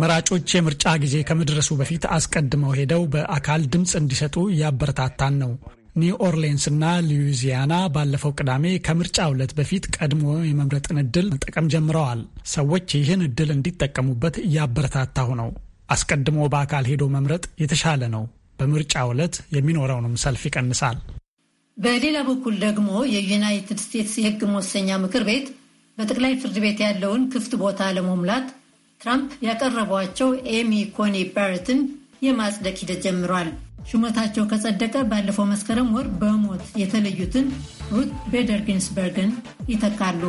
መራጮች የምርጫ ጊዜ ከመድረሱ በፊት አስቀድመው ሄደው በአካል ድምፅ እንዲሰጡ እያበረታታን ነው። ኒው ኦርሌንስ እና ሉዊዚያና ባለፈው ቅዳሜ ከምርጫ ዕለት በፊት ቀድሞ የመምረጥን እድል መጠቀም ጀምረዋል። ሰዎች ይህን እድል እንዲጠቀሙበት እያበረታታሁ ነው። አስቀድሞ በአካል ሄዶ መምረጥ የተሻለ ነው። በምርጫ ዕለት የሚኖረውንም ሰልፍ ይቀንሳል። በሌላ በኩል ደግሞ የዩናይትድ ስቴትስ የሕግ መወሰኛ ምክር ቤት በጠቅላይ ፍርድ ቤት ያለውን ክፍት ቦታ ለመሙላት ትራምፕ ያቀረቧቸው ኤሚ ኮኒ ባረትን የማጽደቅ ሂደት ጀምሯል። ሹመታቸው ከጸደቀ ባለፈው መስከረም ወር በሞት የተለዩትን ሩት ቤደር ጊንስበርግን ይተካሉ።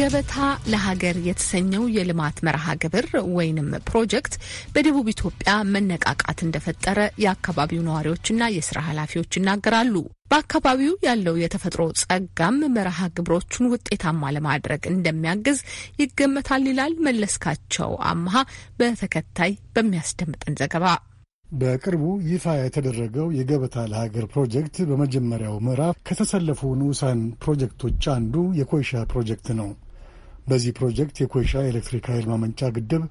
ገበታ ለሀገር የተሰኘው የልማት መርሃ ግብር ወይንም ፕሮጀክት በደቡብ ኢትዮጵያ መነቃቃት እንደፈጠረ የአካባቢው ነዋሪዎችና የስራ ኃላፊዎች ይናገራሉ። በአካባቢው ያለው የተፈጥሮ ጸጋም መርሃ ግብሮቹን ውጤታማ ለማድረግ እንደሚያግዝ ይገመታል ይላል መለስካቸው አምሃ በተከታይ በሚያስደምጠን ዘገባ። በቅርቡ ይፋ የተደረገው የገበታ ለሀገር ፕሮጀክት በመጀመሪያው ምዕራፍ ከተሰለፉ ንዑሳን ፕሮጀክቶች አንዱ የኮይሻ ፕሮጀክት ነው። በዚህ ፕሮጀክት የኮይሻ ኤሌክትሪክ ኃይል ማመንጫ ግድብ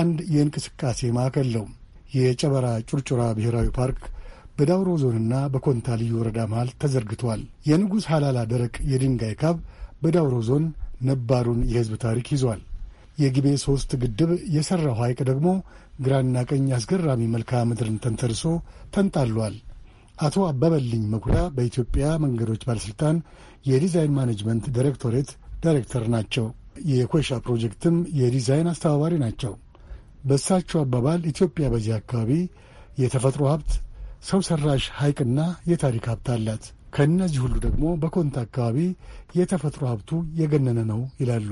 አንድ የእንቅስቃሴ ማዕከል ነው። የጨበራ ጩርጩራ ብሔራዊ ፓርክ በዳውሮ ዞንና በኮንታ ልዩ ወረዳ መሃል ተዘርግቷል። የንጉሥ ሐላላ ደረቅ የድንጋይ ካብ በዳውሮ ዞን ነባሩን የሕዝብ ታሪክ ይዟል። የጊቤ ሦስት ግድብ የሠራው ሐይቅ ደግሞ ግራና ቀኝ አስገራሚ መልክዓ ምድርን ተንተርሶ ተንጣሏል። አቶ አበበልኝ መኩሪያ በኢትዮጵያ መንገዶች ባለሥልጣን የዲዛይን ማኔጅመንት ዳይሬክቶሬት ዳይሬክተር ናቸው። የኮይሻ ፕሮጀክትም የዲዛይን አስተባባሪ ናቸው። በእሳቸው አባባል ኢትዮጵያ በዚህ አካባቢ የተፈጥሮ ሀብት፣ ሰው ሰራሽ ሐይቅና የታሪክ ሀብት አላት። ከእነዚህ ሁሉ ደግሞ በኮንታ አካባቢ የተፈጥሮ ሀብቱ የገነነ ነው ይላሉ።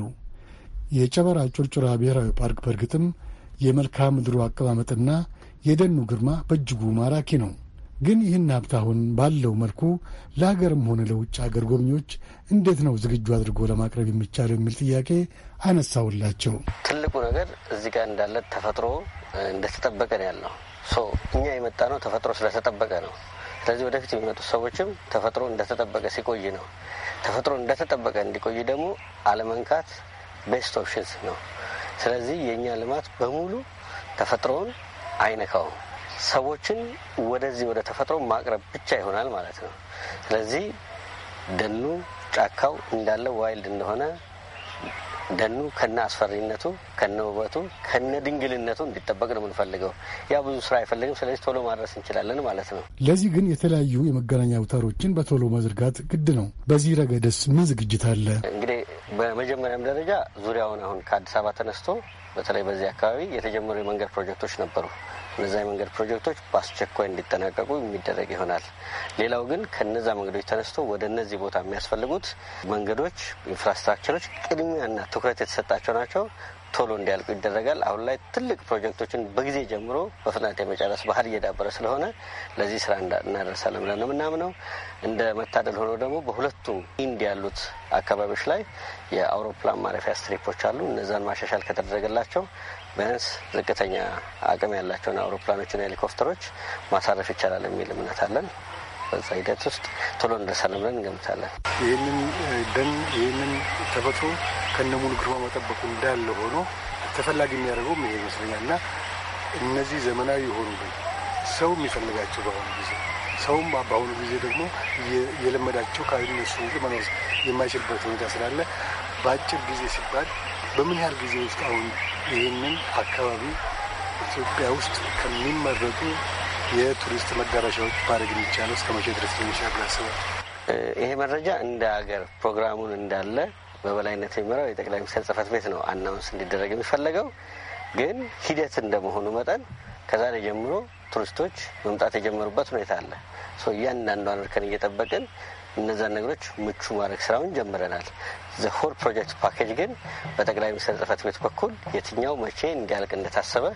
የጨበራ ጩርጩራ ብሔራዊ ፓርክ በእርግጥም የመልክዓ ምድሩ አቀማመጥና የደኑ ግርማ በእጅጉ ማራኪ ነው። ግን ይህን ሀብት አሁን ባለው መልኩ ለሀገርም ሆነ ለውጭ ሀገር ጎብኚዎች እንዴት ነው ዝግጁ አድርጎ ለማቅረብ የሚቻለው የሚል ጥያቄ አነሳውላቸው። ትልቁ ነገር እዚህ ጋር እንዳለ ተፈጥሮ እንደተጠበቀ ነው ያለው። እኛ የመጣ ነው ተፈጥሮ ስለተጠበቀ ነው። ስለዚህ ወደፊት የሚመጡት ሰዎችም ተፈጥሮ እንደተጠበቀ ሲቆይ ነው። ተፈጥሮ እንደተጠበቀ እንዲቆይ ደግሞ አለመንካት ቤስት ኦፕሽንስ ነው። ስለዚህ የእኛ ልማት በሙሉ ተፈጥሮውን አይነካውም። ሰዎችን ወደዚህ ወደ ተፈጥሮ ማቅረብ ብቻ ይሆናል ማለት ነው። ስለዚህ ደኑ፣ ጫካው እንዳለ ዋይልድ እንደሆነ ደኑ ከነ አስፈሪነቱ ከነ ውበቱ ከነ ድንግልነቱ እንዲጠበቅ ነው የምንፈልገው። ያ ብዙ ስራ አይፈልግም። ስለዚህ ቶሎ ማድረስ እንችላለን ማለት ነው። ለዚህ ግን የተለያዩ የመገናኛ አውታሮችን በቶሎ መዝርጋት ግድ ነው። በዚህ ረገድስ ምን ዝግጅት አለ? እንግዲህ በመጀመሪያም ደረጃ ዙሪያውን አሁን ከአዲስ አበባ ተነስቶ በተለይ በዚህ አካባቢ የተጀመሩ የመንገድ ፕሮጀክቶች ነበሩ። እነዚ የመንገድ ፕሮጀክቶች በአስቸኳይ እንዲጠናቀቁ የሚደረግ ይሆናል። ሌላው ግን ከነዛ መንገዶች ተነስቶ ወደ እነዚህ ቦታ የሚያስፈልጉት መንገዶች፣ ኢንፍራስትራክቸሮች ቅድሚያና ትኩረት የተሰጣቸው ናቸው። ቶሎ እንዲያልቁ ይደረጋል። አሁን ላይ ትልቅ ፕሮጀክቶችን በጊዜ ጀምሮ በፍጥነት የመጨረስ ባህል እየዳበረ ስለሆነ ለዚህ ስራ እናደርሳለን ብለን የምናምነው። እንደ መታደል ሆኖ ደግሞ በሁለቱም ኢንድ ያሉት አካባቢዎች ላይ የአውሮፕላን ማረፊያ ስትሪፖች አሉ። እነዛን ማሻሻል ከተደረገላቸው ቢያንስ ዝቅተኛ አቅም ያላቸውን አውሮፕላኖችና ሄሊኮፕተሮች ማሳረፍ ይቻላል የሚል እምነት አለን። በዛ ሂደት ውስጥ ቶሎ እንደርሳለን ብለን እንገምታለን። ይህንን ደን ይህንን ተፈጥሮ ከነሙሉ ግርማ መጠበቁ እንዳለ ሆኖ ተፈላጊ የሚያደርገውም ይሄ ይመስለኛል እና እነዚህ ዘመናዊ የሆኑ ሰው የሚፈልጋቸው በአሁኑ ጊዜ ሰውም በአሁኑ ጊዜ ደግሞ የለመዳቸው ከነሱ መኖር የማይችልበት ሁኔታ ስላለ በአጭር ጊዜ ሲባል በምን ያህል ጊዜ ውስጥ አሁን ይህንን አካባቢ ኢትዮጵያ ውስጥ ከሚመረጡ የቱሪስት መዳረሻዎች ማድረግ የሚቻለው እስከ መቼ ድረስ የሚሻል ያስባል? ይሄ መረጃ እንደ ሀገር ፕሮግራሙን እንዳለ በበላይነት የሚመራው የጠቅላይ ሚኒስትር ጽፈት ቤት ነው አናውንስ እንዲደረግ የሚፈለገው። ግን ሂደት እንደመሆኑ መጠን ከዛሬ ጀምሮ ቱሪስቶች መምጣት የጀመሩበት ሁኔታ አለ። እያንዳንዷን እርከን እየጠበቅን እነዛን ነገሮች ምቹ ማድረግ ስራውን ጀምረናል። ዘሆል ፕሮጀክት ፓኬጅ ግን በጠቅላይ ሚኒስትር ጽህፈት ቤት በኩል የትኛው መቼ እንዲያልቅ እንደታሰበ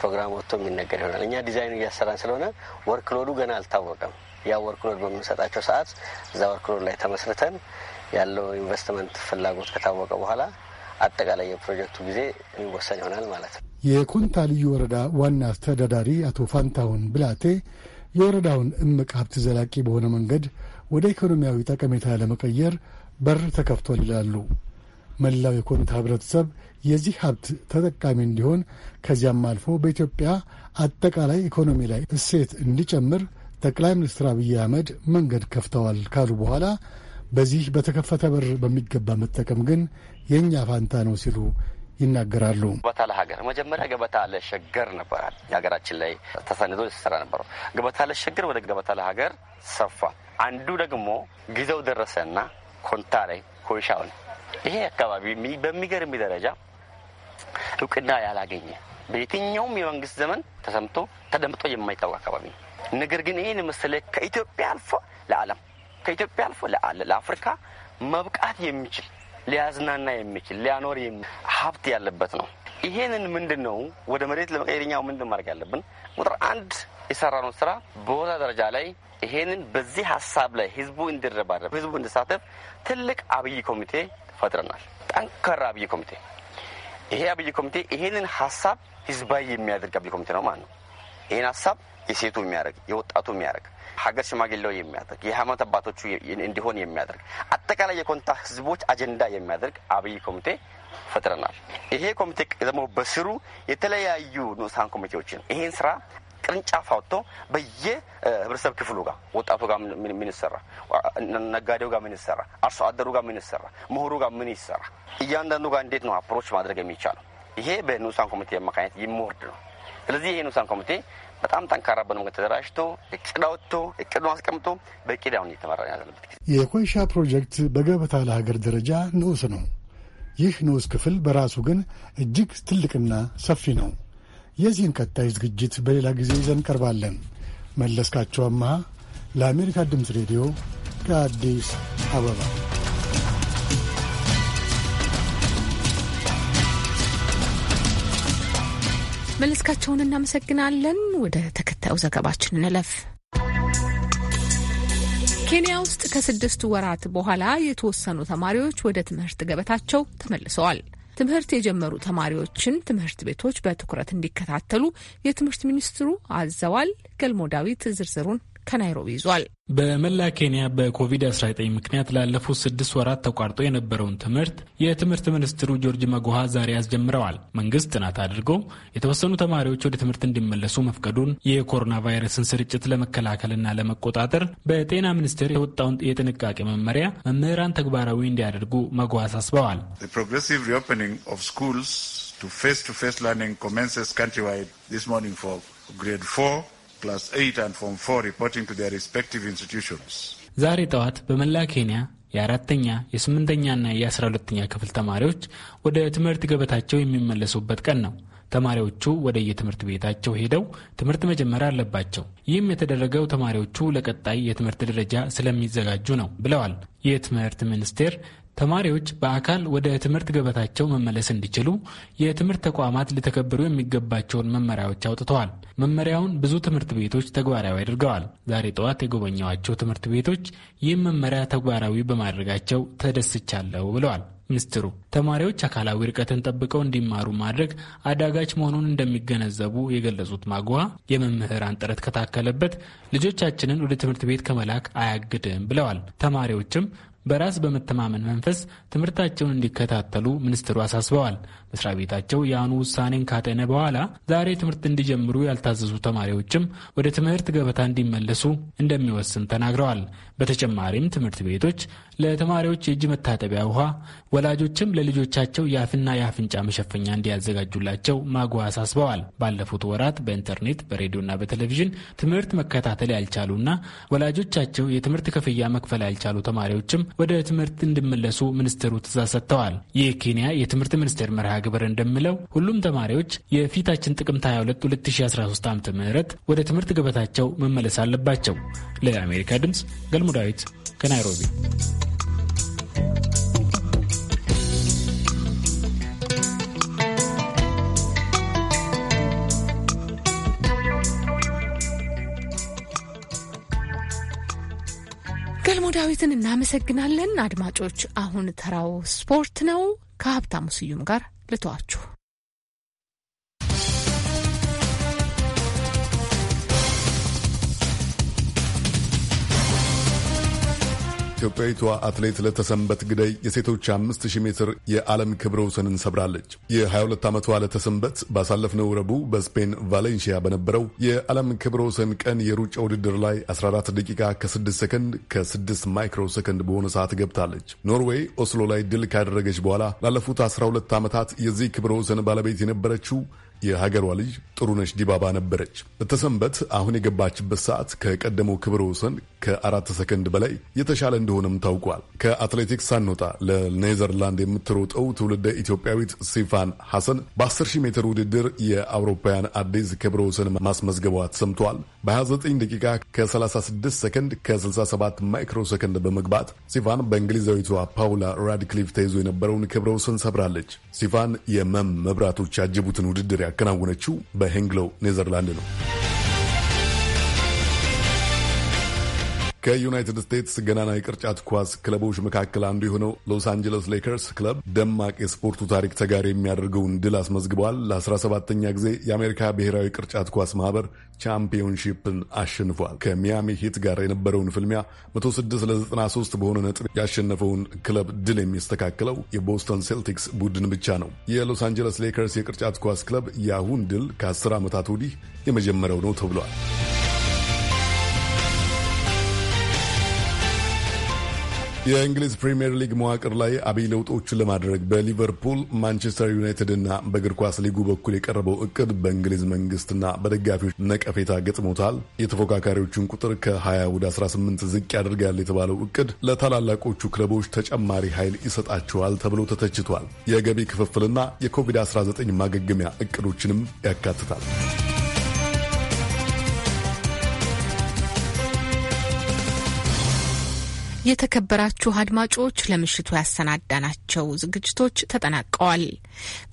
ፕሮግራም ወጥቶ የሚነገር ይሆናል። እኛ ዲዛይኑ እያሰራን ስለሆነ ወርክሎዱ ገና አልታወቀም። ያ ወርክሎድ በምንሰጣቸው ሰዓት እዛ ወርክሎድ ላይ ተመስርተን ያለው ኢንቨስትመንት ፍላጎት ከታወቀ በኋላ አጠቃላይ የፕሮጀክቱ ጊዜ የሚወሰን ይሆናል ማለት ነው። የኮንታ ልዩ ወረዳ ዋና አስተዳዳሪ አቶ ፋንታሁን ብላቴ የወረዳውን እምቅ ሀብት ዘላቂ በሆነ መንገድ ወደ ኢኮኖሚያዊ ጠቀሜታ ለመቀየር በር ተከፍቷል ይላሉ። መላው የኮሚቴ ህብረተሰብ የዚህ ሀብት ተጠቃሚ እንዲሆን ከዚያም አልፎ በኢትዮጵያ አጠቃላይ ኢኮኖሚ ላይ እሴት እንዲጨምር ጠቅላይ ሚኒስትር አብይ አህመድ መንገድ ከፍተዋል ካሉ በኋላ በዚህ በተከፈተ በር በሚገባ መጠቀም ግን የእኛ ፋንታ ነው ሲሉ ይናገራሉ። ገበታ ለሀገር መጀመሪያ ገበታ ለሸገር ነበራል። የሀገራችን ላይ ተሰንዶ ሲሰራ ነበረው። ገበታ ለሸገር ወደ ገበታ ለሀገር ሰፋ። አንዱ ደግሞ ጊዜው ደረሰና ኮንታ ላይ ኮይሻው ላይ ይሄ አካባቢ በሚገርም ደረጃ እውቅና ያላገኘ በየትኛውም የመንግስት ዘመን ተሰምቶ ተደምጦ የማይታወቅ አካባቢ ነው። ነገር ግን ይህን መሰለ ከኢትዮጵያ አልፎ ለዓለም ከኢትዮጵያ አልፎ ለአፍሪካ መብቃት የሚችል ሊያዝናና የሚችል ሊያኖር ሀብት ያለበት ነው። ይሄንን ምንድን ነው ወደ መሬት ለመቀየርኛው ምንድን ማድረግ ያለብን? ቁጥር አንድ የሰራነው ስራ በቦታ ደረጃ ላይ ይሄንን በዚህ ሀሳብ ላይ ህዝቡ እንዲረባረብ፣ ህዝቡ እንዲሳተፍ ትልቅ አብይ ኮሚቴ ፈጥረናል። ጠንከራ አብይ ኮሚቴ። ይሄ አብይ ኮሚቴ ይሄንን ሀሳብ ህዝባዊ የሚያደርግ አብይ ኮሚቴ ነው ማለት ነው። ይህን ሀሳብ የሴቱ የሚያደርግ የወጣቱ የሚያደርግ ሀገር ሽማግሌው የሚያደርግ የሃይማኖት አባቶቹ እንዲሆን የሚያደርግ አጠቃላይ የኮንታ ህዝቦች አጀንዳ የሚያደርግ አብይ ኮሚቴ ፈጥረናል። ይሄ ኮሚቴ ደግሞ በስሩ የተለያዩ ንዑሳን ኮሚቴዎችን ይሄን ስራ ቅርንጫፍ አውጥቶ በየ ህብረተሰብ ክፍሉ ጋር ወጣቱ ጋር ምን ይሰራ፣ ነጋዴው ጋር ምን ይሰራ፣ አርሶ አደሩ ጋር ምን ይሰራ፣ ምሁሩ ጋር ምን ይሰራ፣ እያንዳንዱ ጋር እንዴት ነው አፕሮች ማድረግ የሚቻለው? ይሄ በንዑሳን ኮሚቴ አማካኝነት የሚወርድ ነው። ስለዚህ ይሄ ንዑሳን ኮሚቴ በጣም ጠንካራ በነ መንገድ ተደራጅቶ እቅድ አውጥቶ እቅዱን አስቀምጦ በእቅድ አሁን እየተመራ ያለበት ጊዜ። የኮይሻ ፕሮጀክት በገበታ ለሀገር ደረጃ ንዑስ ነው። ይህ ንዑስ ክፍል በራሱ ግን እጅግ ትልቅና ሰፊ ነው። የዚህን ቀጣይ ዝግጅት በሌላ ጊዜ ይዘን ቀርባለን። መለስካቸው አመሃ ለአሜሪካ ድምፅ ሬዲዮ ከአዲስ አበባ መለስካቸውን እናመሰግናለን። ወደ ተከታዩ ዘገባችን እንለፍ። ኬንያ ውስጥ ከስድስት ወራት በኋላ የተወሰኑ ተማሪዎች ወደ ትምህርት ገበታቸው ተመልሰዋል። ትምህርት የጀመሩ ተማሪዎችን ትምህርት ቤቶች በትኩረት እንዲከታተሉ የትምህርት ሚኒስትሩ አዘዋል። ገልሞ ዳዊት ዝርዝሩን ከናይሮቢ ይዟል። በመላ ኬንያ በኮቪድ-19 ምክንያት ላለፉት ስድስት ወራት ተቋርጦ የነበረውን ትምህርት የትምህርት ሚኒስትሩ ጆርጅ መጎሃ ዛሬ አስጀምረዋል። መንግስት ጥናት አድርጎ የተወሰኑ ተማሪዎች ወደ ትምህርት እንዲመለሱ መፍቀዱን የኮሮና ቫይረስን ስርጭት ለመከላከልና ለመቆጣጠር በጤና ሚኒስቴር የወጣውን የጥንቃቄ መመሪያ መምህራን ተግባራዊ እንዲያደርጉ መጎሃ አሳስበዋል። ፌስ ቱ ፌስ ካንትሪዋይድ ዚስ ሞርኒንግ ፎር ግሬድ ፎር ዛሬ ጠዋት በመላ ኬንያ የአራተኛ የስምንተኛና የአስራ ሁለተኛ ክፍል ተማሪዎች ወደ ትምህርት ገበታቸው የሚመለሱበት ቀን ነው። ተማሪዎቹ ወደ የትምህርት ቤታቸው ሄደው ትምህርት መጀመር አለባቸው። ይህም የተደረገው ተማሪዎቹ ለቀጣይ የትምህርት ደረጃ ስለሚዘጋጁ ነው ብለዋል የትምህርት ሚኒስቴር ተማሪዎች በአካል ወደ ትምህርት ገበታቸው መመለስ እንዲችሉ የትምህርት ተቋማት ሊተከበሩ የሚገባቸውን መመሪያዎች አውጥተዋል። መመሪያውን ብዙ ትምህርት ቤቶች ተግባራዊ አድርገዋል። ዛሬ ጠዋት የጎበኘዋቸው ትምህርት ቤቶች ይህም መመሪያ ተግባራዊ በማድረጋቸው ተደስቻለሁ ብለዋል ሚኒስትሩ። ተማሪዎች አካላዊ ርቀትን ጠብቀው እንዲማሩ ማድረግ አዳጋች መሆኑን እንደሚገነዘቡ የገለጹት ማጓ የመምህራን ጥረት ከታከለበት ልጆቻችንን ወደ ትምህርት ቤት ከመላክ አያግድም ብለዋል። ተማሪዎችም በራስ በመተማመን መንፈስ ትምህርታቸውን እንዲከታተሉ ሚኒስትሩ አሳስበዋል። መስሪያ ቤታቸው የአኑ ውሳኔን ካጤነ በኋላ ዛሬ ትምህርት እንዲጀምሩ ያልታዘዙ ተማሪዎችም ወደ ትምህርት ገበታ እንዲመለሱ እንደሚወስን ተናግረዋል። በተጨማሪም ትምህርት ቤቶች ለተማሪዎች የእጅ መታጠቢያ ውሃ፣ ወላጆችም ለልጆቻቸው የአፍና የአፍንጫ መሸፈኛ እንዲያዘጋጁላቸው ማጓ አሳስበዋል። ባለፉት ወራት በኢንተርኔት በሬዲዮና በቴሌቪዥን ትምህርት መከታተል ያልቻሉና ወላጆቻቸው የትምህርት ክፍያ መክፈል ያልቻሉ ተማሪዎችም ወደ ትምህርት እንዲመለሱ ሚኒስትሩ ትዕዛዝ ሰጥተዋል። የኬንያ የትምህርት ሚኒስቴር መርሃ ግብር እንደሚለው ሁሉም ተማሪዎች የፊታችን ጥቅምት 22 2013 ዓ ም ወደ ትምህርት ገበታቸው መመለስ አለባቸው። ለአሜሪካ ድምፅ ገልሞ ዳዊት ከናይሮቢ ገልሞ ዳዊትን እናመሰግናለን። አድማጮች፣ አሁን ተራው ስፖርት ነው። ከሀብታሙ ስዩም ጋር ልተዋችሁ። ኢትዮጵያዊቷ አትሌት ለተሰንበት ግዳይ የሴቶች አምስት ሜትር የዓለም ክብረ ወሰን እንሰብራለች። የ22 ዓመቷ ለተሰንበት ባሳለፍነው ረቡዕ በስፔን ቫሌንሺያ በነበረው የዓለም ክብረ ወሰን ቀን የሩጫ ውድድር ላይ 14 ደቂቃ ከ6 ሰከንድ ከ6 ማይክሮ ሰከንድ በሆነ ሰዓት ገብታለች። ኖርዌይ ኦስሎ ላይ ድል ካደረገች በኋላ ላለፉት 12 ዓመታት የዚህ ክብረ ወሰን ባለቤት የነበረችው የሀገሯ ልጅ ጥሩነሽ ዲባባ ነበረች። ለተሰንበት አሁን የገባችበት ሰዓት ከቀደመው ክብረ ወሰን ከአራት ሰከንድ በላይ የተሻለ እንደሆነም ታውቋል። ከአትሌቲክስ ሳንወጣ ለኔዘርላንድ የምትሮጠው ትውልደ ኢትዮጵያዊት ሲፋን ሐሰን በ10,000 ሜትር ውድድር የአውሮፓውያን አዲስ ክብረ ወሰን ማስመዝገቧ ተሰምቷል በ በ29 ደቂቃ ከ36 ሰከንድ ከ67 ማይክሮ ሰከንድ በመግባት ሲፋን በእንግሊዛዊቷ ፓውላ ራድክሊፍ ተይዞ የነበረውን ክብረ ወሰን ሰብራለች። ሲፋን የመም መብራቶች ያጀቡትን ውድድር ያከናወነችው በሄንግሎው ኔዘርላንድ ነው። ከዩናይትድ ስቴትስ ገናና የቅርጫት ኳስ ክለቦች መካከል አንዱ የሆነው ሎስ አንጀለስ ሌከርስ ክለብ ደማቅ የስፖርቱ ታሪክ ተጋሪ የሚያደርገውን ድል አስመዝግበዋል። ለ17ኛ ጊዜ የአሜሪካ ብሔራዊ ቅርጫት ኳስ ማህበር ቻምፒዮንሺፕን አሸንፏል። ከሚያሚ ሂት ጋር የነበረውን ፍልሚያ 106 ለ93 በሆነ ነጥብ ያሸነፈውን ክለብ ድል የሚስተካከለው የቦስተን ሴልቲክስ ቡድን ብቻ ነው። የሎስ አንጀለስ ሌከርስ የቅርጫት ኳስ ክለብ የአሁን ድል ከ10 ዓመታት ወዲህ የመጀመሪያው ነው ተብሏል። የእንግሊዝ ፕሪምየር ሊግ መዋቅር ላይ አብይ ለውጦችን ለማድረግ በሊቨርፑል ማንቸስተር ዩናይትድ እና በእግር ኳስ ሊጉ በኩል የቀረበው እቅድ በእንግሊዝ መንግስትና በደጋፊዎች ነቀፌታ ገጥሞታል። የተፎካካሪዎቹን ቁጥር ከ20 ወደ 18 ዝቅ ያደርጋል የተባለው እቅድ ለታላላቆቹ ክለቦች ተጨማሪ ኃይል ይሰጣቸዋል ተብሎ ተተችቷል። የገቢ ክፍፍልና የኮቪድ-19 ማገገሚያ እቅዶችንም ያካትታል። የተከበራችሁ አድማጮች ለምሽቱ ያሰናዳናቸው ዝግጅቶች ተጠናቀዋል።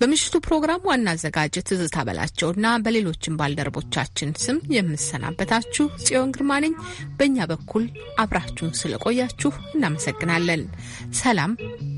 በምሽቱ ፕሮግራም ዋና አዘጋጅ ትዝታ በላቸውና በሌሎችም ባልደረቦቻችን ስም የምሰናበታችሁ ጽዮን ግርማ ነኝ። በእኛ በኩል አብራችሁን ስለቆያችሁ እናመሰግናለን። ሰላም፣